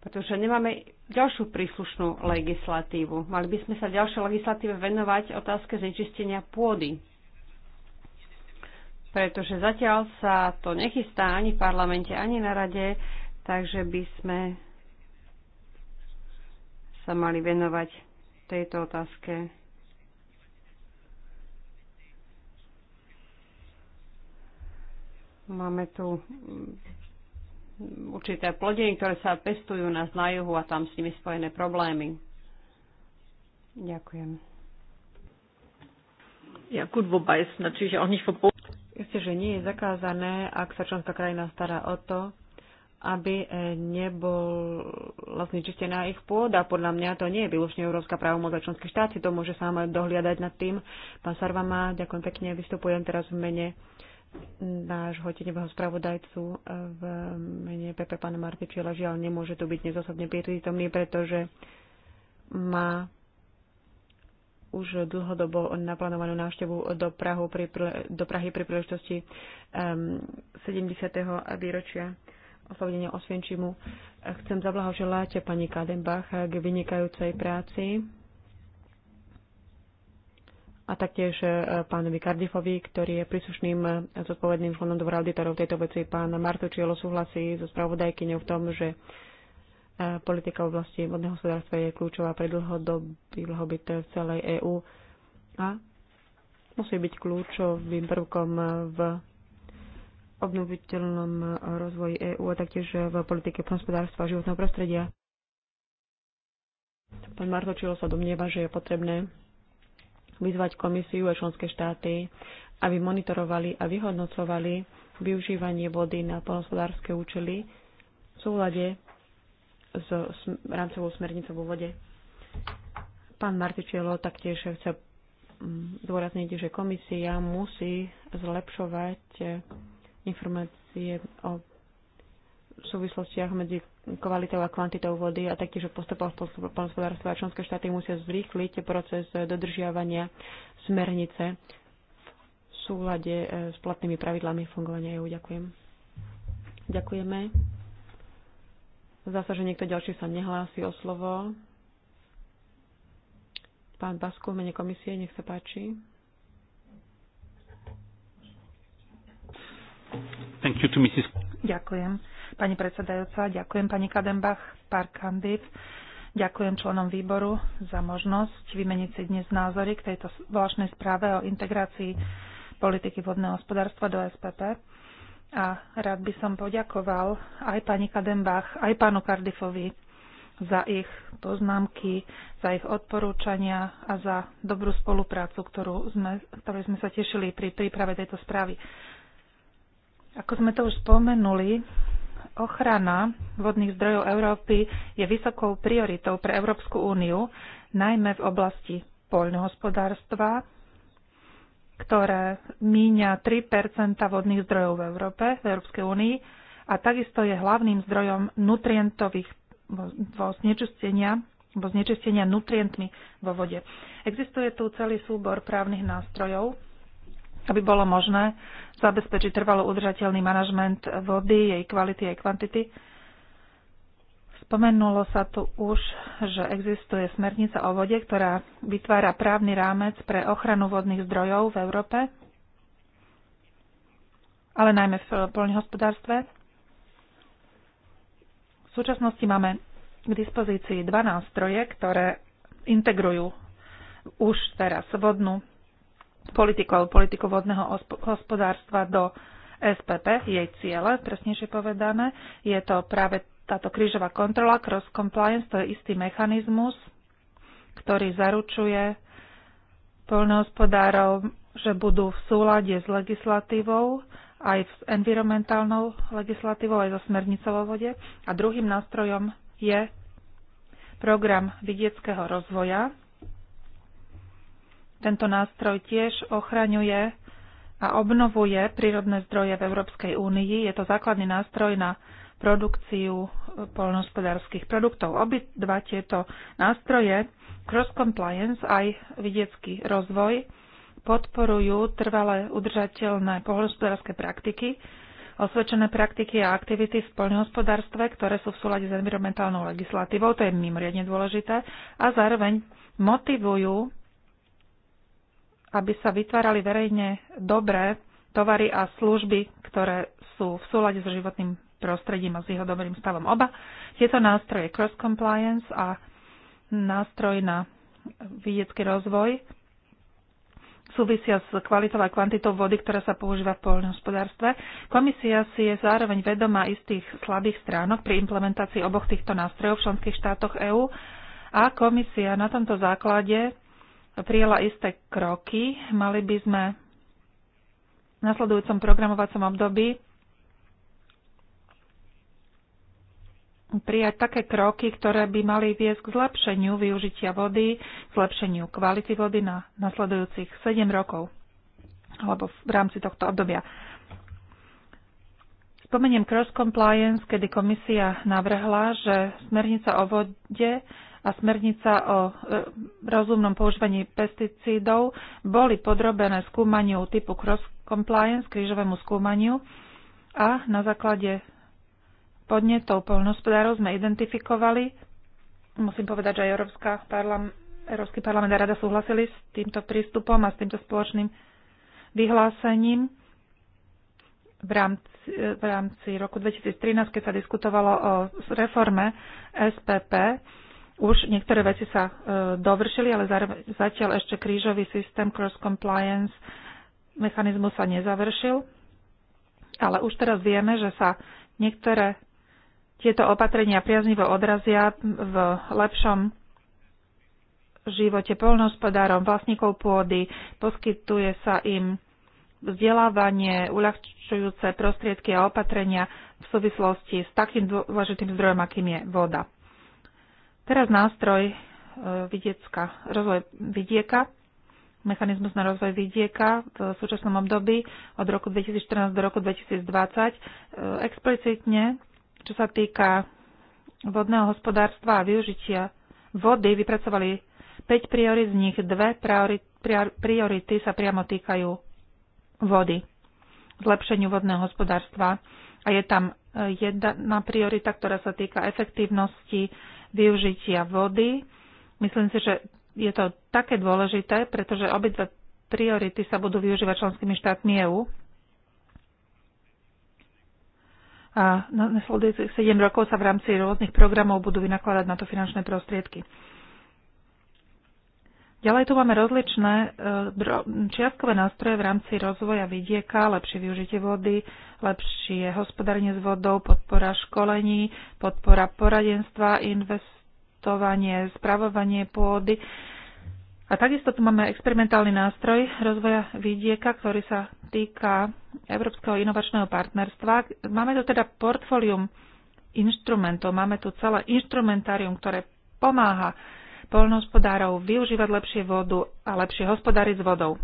pretože nemáme ďalšiu príslušnú legislatívu. Mali by sme sa v ďalšej legislatíve venovať otázke znečistenia pôdy. Pretože zatiaľ sa to nechystá ani v parlamente, ani na rade, takže by sme sa mali venovať tejto otázke. Máme tu určité plodiny, ktoré sa pestujú u nás na juhu a tam s nimi spojené problémy. Ďakujem. Ja, gut, wobei es natürlich auch nicht verboten že nie je zakázané, ak sa členská krajina stará o to, aby e, nebol vlastne čistená ich pôda. Podľa mňa to nie je výlučne európska právomoc a členské štáty, to môže sám dohliadať nad tým. Pán Sarvama, ďakujem pekne, vystupujem teraz v mene nášho tenebého spravodajcu eh, v mene Pepe pána Martičila. Žiaľ, nemôže tu byť dnes osobne prítomný, pretože má už dlhodobo naplánovanú návštevu do, Prahu pri, do Prahy pri príležitosti um, ehm, 70. výročia oslovenia Osvienčimu. Chcem zablahoželať pani Kadenbach k vynikajúcej práci a taktiež e, pánovi Kardifovi, ktorý je príslušným e, zodpovedným členom dvora auditorov tejto veci. Pán Čielo súhlasí so spravodajkyňou v tom, že e, politika v oblasti vodného hospodárstva je kľúčová pre dlhodobý blahobyt v celej EÚ a musí byť kľúčovým prvkom v obnoviteľnom rozvoji EÚ a taktiež v politike hospodárstva a životného prostredia. Pán Martočilo sa domnieva, že je potrebné vyzvať komisiu a členské štáty, aby monitorovali a vyhodnocovali využívanie vody na polnospodárske účely v súlade s rámcovou smernicou vo vode. Pán Martičelo taktiež chce mm, zdôrazniť, že komisia musí zlepšovať informácie o súvislostiach medzi kvalitou a kvantitou vody a taktiež o postupoch poľnospodárstva a členské štáty musia zrýchliť proces dodržiavania smernice v súlade e, s platnými pravidlami fungovania EU. Ďakujem. Ďakujeme. Zdá sa, že niekto ďalší sa nehlási o slovo. Pán Basku, mene komisie, nech sa páči. Thank you to Mrs. Ďakujem. Pani predsedajúca, ďakujem pani Kadenbach, pár kandid. Ďakujem členom výboru za možnosť vymeniť si dnes názory k tejto zvláštnej správe o integrácii politiky vodného hospodárstva do SPP. A rád by som poďakoval aj pani Kadenbach, aj pánu Cardiffovi za ich poznámky, za ich odporúčania a za dobrú spoluprácu, ktorú sme, ktorú sme sa tešili pri príprave tejto správy. Ako sme to už spomenuli, Ochrana vodných zdrojov Európy je vysokou prioritou pre Európsku úniu, najmä v oblasti poľnohospodárstva, ktoré míňa 3 vodných zdrojov v Európe, v Európskej únii a takisto je hlavným zdrojom nutrientových vo znečistenia alebo znečistenia nutrientmi vo vode. Existuje tu celý súbor právnych nástrojov, aby bolo možné zabezpečiť trvalo udržateľný manažment vody, jej kvality, jej kvantity. Spomenulo sa tu už, že existuje smernica o vode, ktorá vytvára právny rámec pre ochranu vodných zdrojov v Európe, ale najmä v poľnohospodárstve. V súčasnosti máme k dispozícii dva nástroje, ktoré integrujú už teraz vodnú politikov, politiku vodného hospodárstva do SPP, jej ciele, presnejšie povedané. Je to práve táto krížová kontrola, cross compliance, to je istý mechanizmus, ktorý zaručuje poľnohospodárov, že budú v súlade s legislatívou, aj s environmentálnou legislatívou, aj so smernicou o vode. A druhým nástrojom je program vidieckého rozvoja, tento nástroj tiež ochraňuje a obnovuje prírodné zdroje v Európskej únii. Je to základný nástroj na produkciu e, polnohospodárských produktov. Obidva tieto nástroje, cross-compliance aj vidiecký rozvoj, podporujú trvale udržateľné polnohospodárske praktiky, osvedčené praktiky a aktivity v poľnohospodárstve, ktoré sú v súlade s environmentálnou legislatívou, to je mimoriadne dôležité, a zároveň motivujú aby sa vytvárali verejne dobré tovary a služby, ktoré sú v súlade so životným prostredím a s jeho dobrým stavom. Oba tieto nástroje, cross compliance a nástroj na vidiecký rozvoj, súvisia s kvalitou a kvantitou vody, ktorá sa používa v poľnohospodárstve. Komisia si je zároveň vedomá istých slabých stránok pri implementácii oboch týchto nástrojov v členských štátoch EÚ a komisia na tomto základe prijala isté kroky. Mali by sme v nasledujúcom programovacom období prijať také kroky, ktoré by mali viesť k zlepšeniu využitia vody, k zlepšeniu kvality vody na nasledujúcich 7 rokov alebo v rámci tohto obdobia. Spomeniem cross compliance, kedy komisia navrhla, že smernica o vode a smernica o e, rozumnom používaní pesticídov boli podrobené skúmaniu typu cross compliance, krížovému skúmaniu a na základe podnetov polnospodárov sme identifikovali, musím povedať, že aj Európska parlam, Európsky parlament a rada súhlasili s týmto prístupom a s týmto spoločným vyhlásením v rámci, v rámci roku 2013, keď sa diskutovalo o reforme SPP, už niektoré veci sa e, dovršili, ale zatiaľ ešte krížový systém cross compliance mechanizmu sa nezavršil. Ale už teraz vieme, že sa niektoré tieto opatrenia priaznivo odrazia v lepšom živote polnohospodárom, vlastníkov pôdy, poskytuje sa im vzdelávanie, uľahčujúce prostriedky a opatrenia v súvislosti s takým dôležitým zdrojom, akým je voda. Teraz nástroj e, vidiecka, rozvoj vidieka, mechanizmus na rozvoj vidieka v súčasnom období od roku 2014 do roku 2020 e, explicitne, čo sa týka vodného hospodárstva a využitia vody, vypracovali 5 priorit, z nich dve priority sa priamo týkajú vody, zlepšeniu vodného hospodárstva. A je tam e, jedna priorita, ktorá sa týka efektívnosti využitia vody. Myslím si, že je to také dôležité, pretože obidve priority sa budú využívať členskými štátmi EÚ. A na nasledujúcich 7 rokov sa v rámci rôznych programov budú vynakladať na to finančné prostriedky. Ďalej tu máme rozličné e, čiastkové nástroje v rámci rozvoja vidieka, lepšie využitie vody, lepšie hospodárenie s vodou, podpora školení, podpora poradenstva, investovanie, spravovanie pôdy. A takisto tu máme experimentálny nástroj rozvoja vidieka, ktorý sa týka Európskeho inovačného partnerstva. Máme tu teda portfólium inštrumentov, máme tu celé inštrumentárium, ktoré pomáha poľnohospodárov, využívať lepšie vodu a lepšie hospodáriť s vodou.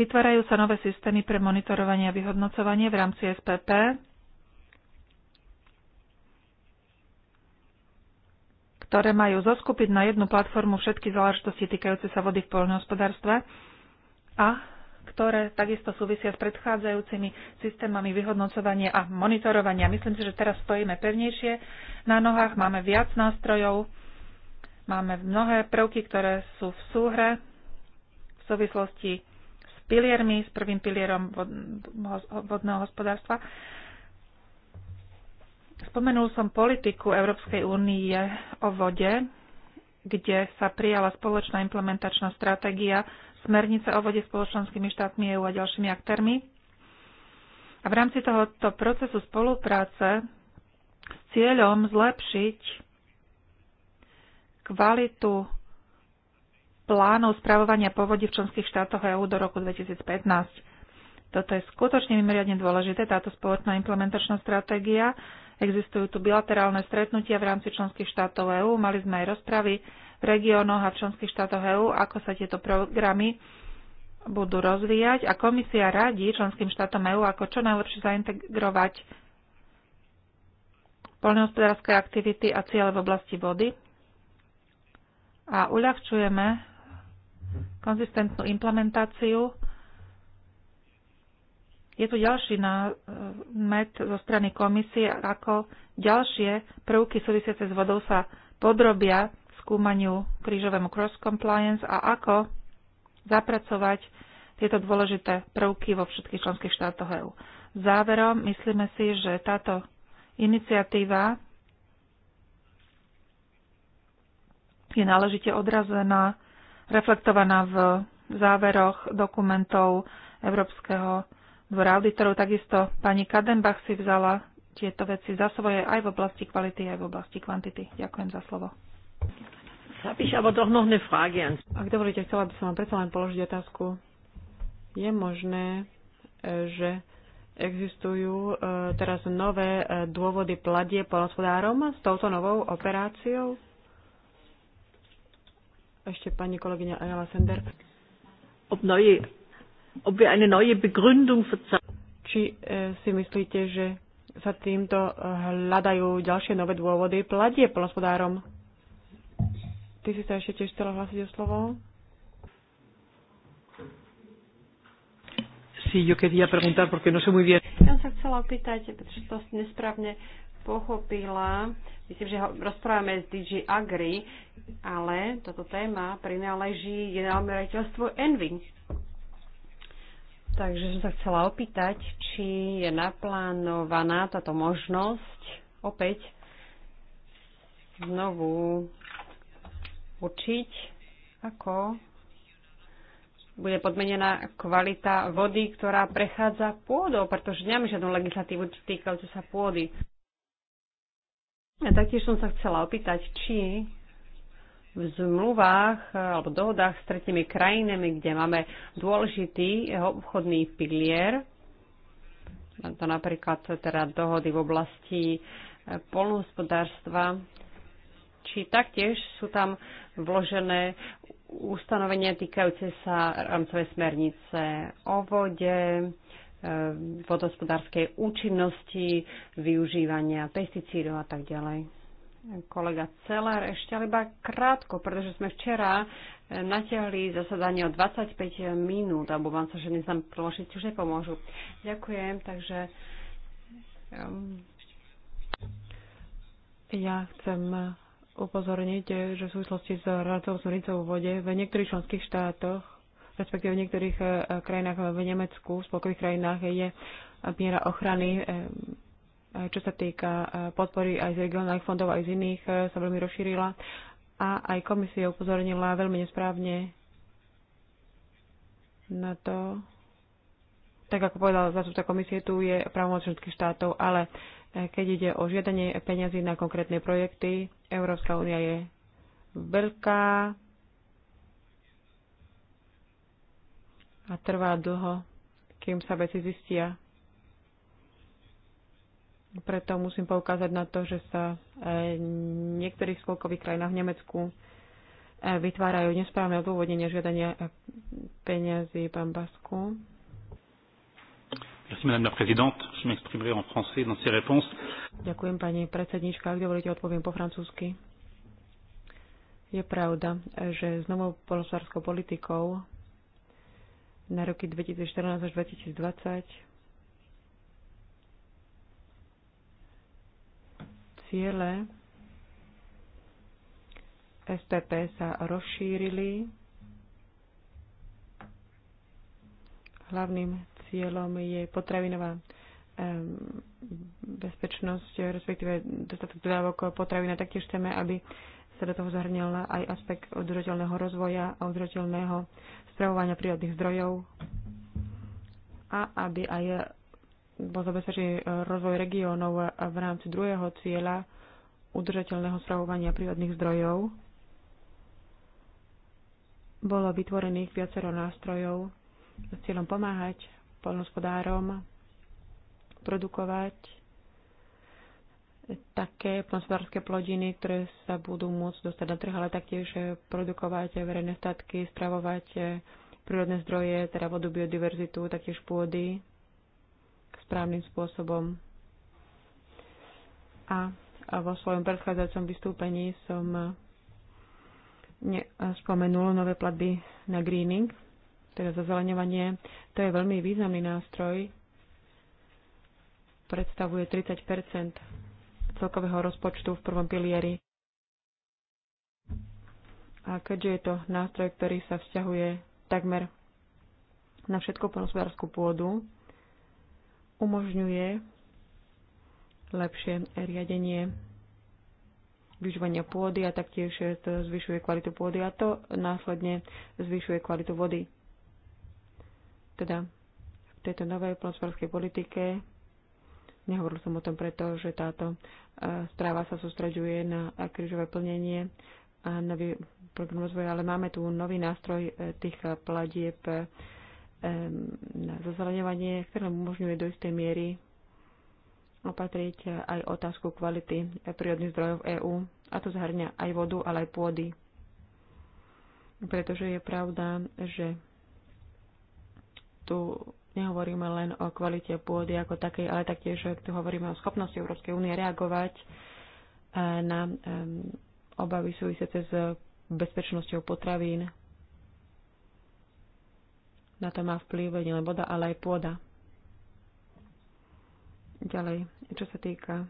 Vytvárajú sa nové systémy pre monitorovanie a vyhodnocovanie v rámci SPP, ktoré majú zoskupiť na jednu platformu všetky záležitosti týkajúce sa vody v poľnohospodárstve a ktoré takisto súvisia s predchádzajúcimi systémami vyhodnocovania a monitorovania. Myslím si, že teraz stojíme pevnejšie na nohách, máme viac nástrojov Máme mnohé prvky, ktoré sú v súhre v súvislosti s piliermi, s prvým pilierom vodného hospodárstva. Spomenul som politiku Európskej únie o vode, kde sa prijala spoločná implementačná stratégia smernice o vode spoločenskými štátmi EU a ďalšími aktérmi. A v rámci tohoto procesu spolupráce s cieľom zlepšiť kvalitu plánov spravovania povodí v členských štátoch EÚ do roku 2015. Toto je skutočne mimoriadne dôležité, táto spoločná implementačná stratégia. Existujú tu bilaterálne stretnutia v rámci členských štátov EÚ, mali sme aj rozpravy v regiónoch a v členských štátoch EÚ, ako sa tieto programy budú rozvíjať a komisia radí členským štátom EÚ, ako čo najlepšie zaintegrovať poľnohospodárske aktivity a ciele v oblasti vody a uľahčujeme konzistentnú implementáciu. Je tu ďalší námet zo strany komisie, ako ďalšie prvky súvisiace s vodou sa podrobia skúmaniu krížovému cross-compliance a ako zapracovať tieto dôležité prvky vo všetkých členských štátoch EÚ. Záverom myslíme si, že táto iniciatíva je náležite odrazená, reflektovaná v záveroch dokumentov Európskeho dvora auditorov. Takisto pani Kadenbach si vzala tieto veci za svoje aj v oblasti kvality, aj v oblasti kvantity. Ďakujem za slovo. Ak dovolíte, chcela by som vám predsa len položiť otázku. Je možné, e, že existujú e, teraz nové e, dôvody pladie polospodárom s touto novou operáciou? Ešte pani kolegyňa Ayala Sender. Ob neue, ob wir eine neue Begründung für Či e, si myslíte, že sa týmto e, hľadajú ďalšie nové dôvody platie plnospodárom? Ty si sa ešte tiež chcela hlásiť o slovo? Sí, yo quería preguntar porque no sé muy bien. Ja sa chcela opýtať, pretože to nesprávne pochopila, myslím, že rozprávame s DG Agri, ale toto téma prináleží generálne rejiteľstvu Envy. Takže som sa chcela opýtať, či je naplánovaná táto možnosť opäť znovu učiť, ako bude podmenená kvalita vody, ktorá prechádza pôdou, pretože nemáme žiadnu legislatívu týkajúcu sa pôdy. A taktiež som sa chcela opýtať, či v zmluvách alebo dohodách s tretimi krajinami, kde máme dôležitý obchodný pilier, to napríklad teda dohody v oblasti polnohospodárstva, či taktiež sú tam vložené ustanovenia týkajúce sa rámcovej smernice o vode, vodospodárskej účinnosti, využívania pesticídov a tak ďalej. Kolega Celer, ešte ale iba krátko, pretože sme včera e, natiahli zasadanie o 25 minút, alebo vám sa, že neznám preložiť, už nepomôžu. Ďakujem, takže ehm, ja chcem upozorniť, že v súvislosti s radou smernicou v vode v niektorých členských štátoch respektíve v niektorých e, krajinách v Nemecku, v spolkových krajinách je miera ochrany, e, e, čo sa týka podpory aj z regionálnych fondov, aj z iných, sa veľmi rozšírila. A aj komisia upozornila veľmi nesprávne na to, tak ako povedal zástupca komisie, tu je právomoc všetkých štátov, ale keď ide o žiadanie peňazí na konkrétne projekty, Európska únia je veľká, a trvá dlho, kým sa veci zistia. Preto musím poukázať na to, že sa v e, niektorých spolkových krajinách v Nemecku e, vytvárajú nesprávne odôvodnenie žiadania e, peniazy Bambasku. Merci, madame la présidente. Je m'exprimerai en français dans ces réponses. Ďakujem, pani predsednička. Ak dovolíte, odpoviem po francúzsky. Je pravda, že s novou polospodárskou politikou na roky 2014 až 2020. Ciele SPP sa rozšírili. Hlavným cieľom je potravinová bezpečnosť, respektíve dostatok dodávok potravina. Taktiež chceme, aby sa do toho zahrnil aj aspekt udržateľného rozvoja a udržateľného spravovania prírodných zdrojov a aby aj bol zabezpečený e, rozvoj regiónov v rámci druhého cieľa udržateľného spravovania prírodných zdrojov. Bolo vytvorených viacero nástrojov s cieľom pomáhať polnospodárom produkovať také plnospodárske plodiny, ktoré sa budú môcť dostať na trh, ale taktiež produkovať verejné statky, spravovať prírodné zdroje, teda vodu, biodiverzitu, taktiež pôdy správnym spôsobom. A vo svojom predchádzajúcom vystúpení som spomenul nové platby na greening, teda za zazeleňovanie. To je veľmi významný nástroj, predstavuje 30 celkového rozpočtu v prvom pilieri. A keďže je to nástroj, ktorý sa vzťahuje takmer na všetko ponospodárskú pôdu, umožňuje lepšie riadenie využívania pôdy a taktiež to zvyšuje kvalitu pôdy a to následne zvyšuje kvalitu vody. Teda v tejto novej plnospodárskej politike Nehovoril som o tom preto, že táto e, správa sa sústreďuje na e, krížové plnenie a nový program rozvoja, ale máme tu nový nástroj e, tých platieb na zazeleňovanie, ktoré umožňuje do istej miery opatriť aj otázku kvality prírodných zdrojov EÚ. A to zahrňa aj vodu, ale aj pôdy. Pretože je pravda, že tu nehovoríme len o kvalite pôdy ako takej, ale taktiež eh, tu hovoríme o schopnosti Európskej únie reagovať eh, na eh, obavy súvisiace s bezpečnosťou potravín. Na to má vplyv nielen voda, ale aj pôda. Ďalej, čo sa týka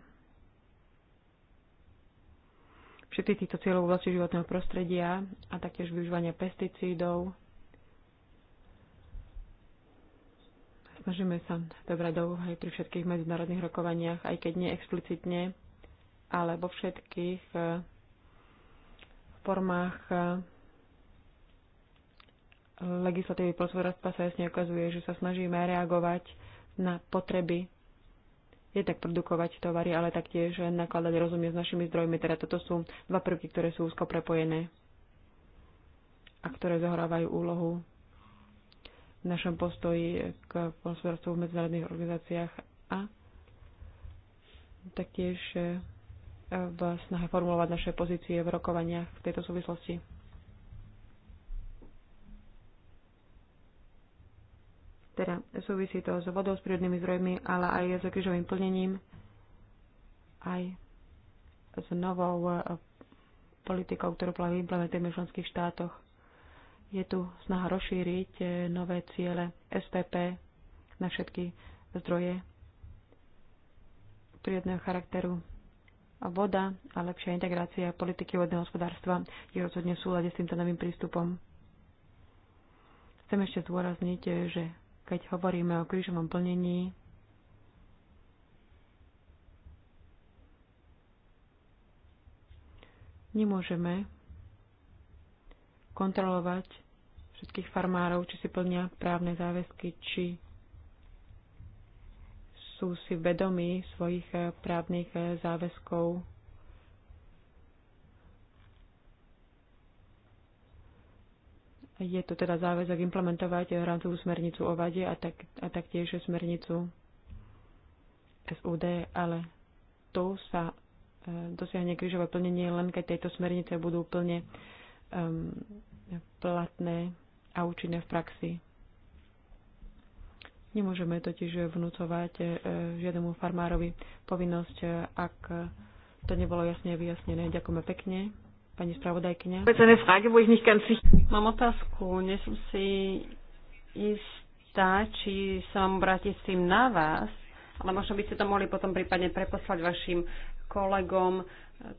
všetkých týchto cieľov v oblasti životného prostredia a taktiež využívania pesticídov, Snažíme sa to brať do úvahy pri všetkých medzinárodných rokovaniach, aj keď nie explicitne, ale vo všetkých eh, formách eh, legislatívy plosvoradstva sa jasne ukazuje, že sa snažíme reagovať na potreby je tak produkovať tovary, ale taktiež nakladať rozumie s našimi zdrojmi. Teda toto sú dva prvky, ktoré sú úzko prepojené a ktoré zohrávajú úlohu v našom postoji k hospodárstvu v medzinárodných organizáciách a taktiež e, v snahe formulovať naše pozície v rokovaniach v tejto súvislosti. Teda súvisí to s vodou, s prírodnými zdrojmi, ale aj s križovým plnením, aj s novou e, politikou, ktorú implementujeme v členských štátoch je tu snaha rozšíriť e, nové ciele SPP na všetky zdroje prírodného charakteru. A voda a lepšia integrácia politiky vodného hospodárstva je rozhodne v súlade s týmto novým prístupom. Chcem ešte zdôrazniť, e, že keď hovoríme o krížovom plnení, nemôžeme kontrolovať všetkých farmárov, či si plnia právne záväzky, či sú si vedomí svojich eh, právnych eh, záväzkov. Je to teda záväzok implementovať eh, rámcovú smernicu o vade a, tak, a taktiež smernicu SUD, ale tu sa dosiahne krížové plnenie len keď tieto smernice budú plne um, platné a účinné v praxi. Nemôžeme totiž vnúcovať e, žiadnemu farmárovi povinnosť, e, ak to nebolo jasne vyjasnené. Ďakujeme pekne. Pani spravodajkňa. Mám otázku. Nie som si istá, či sa mám obrátiť s tým na vás, ale možno by ste to mohli potom prípadne preposlať vašim kolegom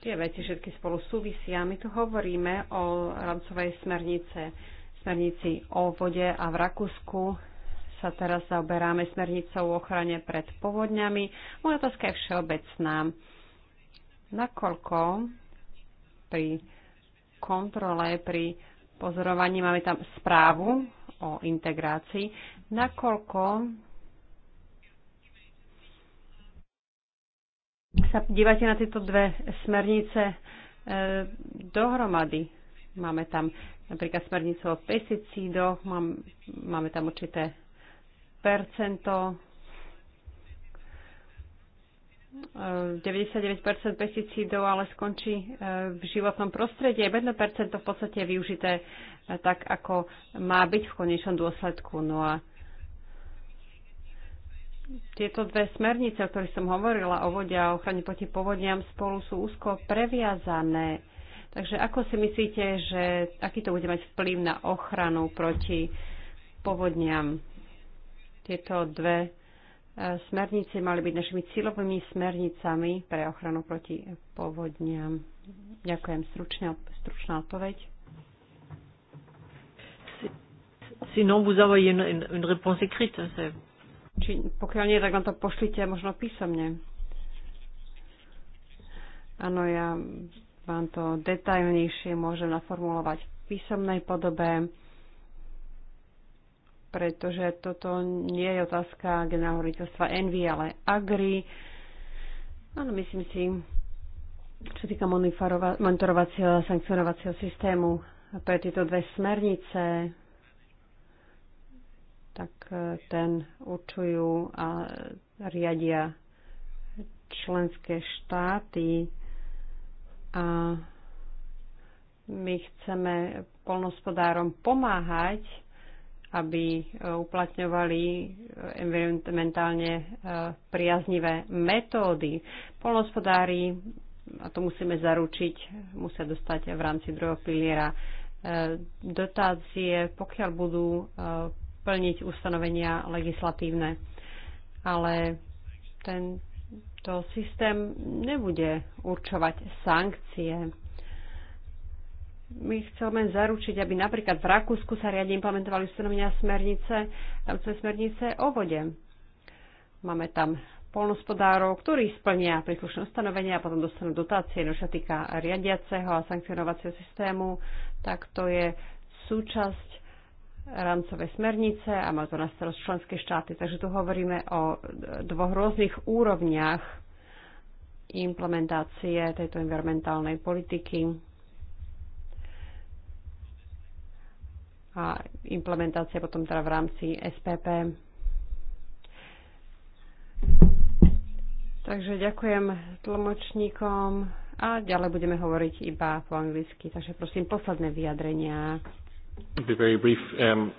Tie veci všetky spolu súvisia. My tu hovoríme o rámcovej smernice, smernici o vode a v Rakúsku sa teraz zaoberáme smernicou o ochrane pred povodňami. Moja otázka je všeobecná. Nakoľko pri kontrole, pri pozorovaní máme tam správu o integrácii, nakoľko sa dívate na tieto dve smernice e, dohromady. Máme tam napríklad smernicu o pesticídoch, mám, máme tam určité percento. 99% e, pesticídov ale skončí e, v životnom prostredí. 1% v podstate je využité tak, ako má byť v konečnom dôsledku. No a tieto dve smernice, o ktorých som hovorila, o vode a ochrane proti povodiam, spolu sú úzko previazané. Takže ako si myslíte, že aký to bude mať vplyv na ochranu proti povodniam? Tieto dve e, smernice mali byť našimi cílovými smernicami pre ochranu proti povodniam. Ďakujem. Stručne, stručná odpoveď. Sinon, vous avez une, une, réponse écrite. Či, pokiaľ nie, tak vám to pošlite možno písomne. Áno, ja vám to detajlnejšie môžem naformulovať v písomnej podobe, pretože toto nie je otázka generálneho riaditeľstva Envy, ale Agri. Áno, myslím si, čo týka monitorovacieho a sankcionovacieho systému pre tieto dve smernice, tak e, ten určujú a riadia členské štáty a my chceme polnospodárom pomáhať, aby e, uplatňovali e, environmentálne priaznivé metódy. Polnospodári, a to musíme zaručiť, musia dostať v rámci druhého piliera dotácie, pokiaľ budú plniť ustanovenia legislatívne. Ale tento systém nebude určovať sankcie. My chceme zaručiť, aby napríklad v Rakúsku sa riadne implementovali ustanovenia smernice, rámcové smernice o vode. Máme tam polnospodárov, ktorí splnia príslušné ustanovenia a potom dostanú dotácie, no čo týka riadiaceho a sankcionovacieho systému, tak to je súčasť rámcové smernice a má to na starost členské štáty. Takže tu hovoríme o dvoch rôznych úrovniach implementácie tejto environmentálnej politiky a implementácie potom teda v rámci SPP. Takže ďakujem tlmočníkom a ďalej budeme hovoriť iba po anglicky. Takže prosím posledné vyjadrenia be very brief. Um,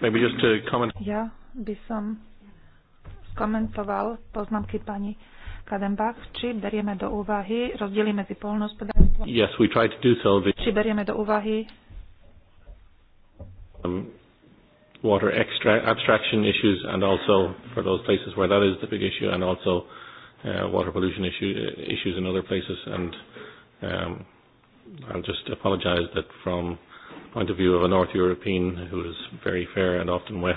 maybe just to comment. Ja by som komentoval poznámky pani Kadenbach, či berieme do úvahy rozdiely medzi poľnohospodárstvom. Yes, we try to do so. Či berieme do úvahy um, water extra abstraction issues and also for those places where that is the big issue and also uh, water pollution issue, uh, issues in other places and um, I'll just apologise that from the point of view of a North European who is very fair and often wet,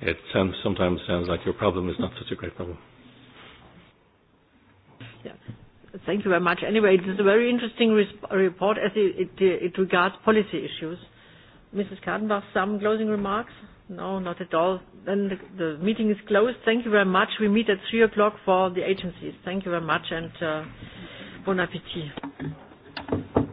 it sounds, sometimes sounds like your problem is not such a great problem. Yeah. Thank you very much. Anyway, it is a very interesting report as it, it, it regards policy issues. Mrs. Kadenbach, some closing remarks? No, not at all. Then the, the meeting is closed. Thank you very much. We meet at 3 o'clock for the agencies. Thank you very much and uh, bon appétit.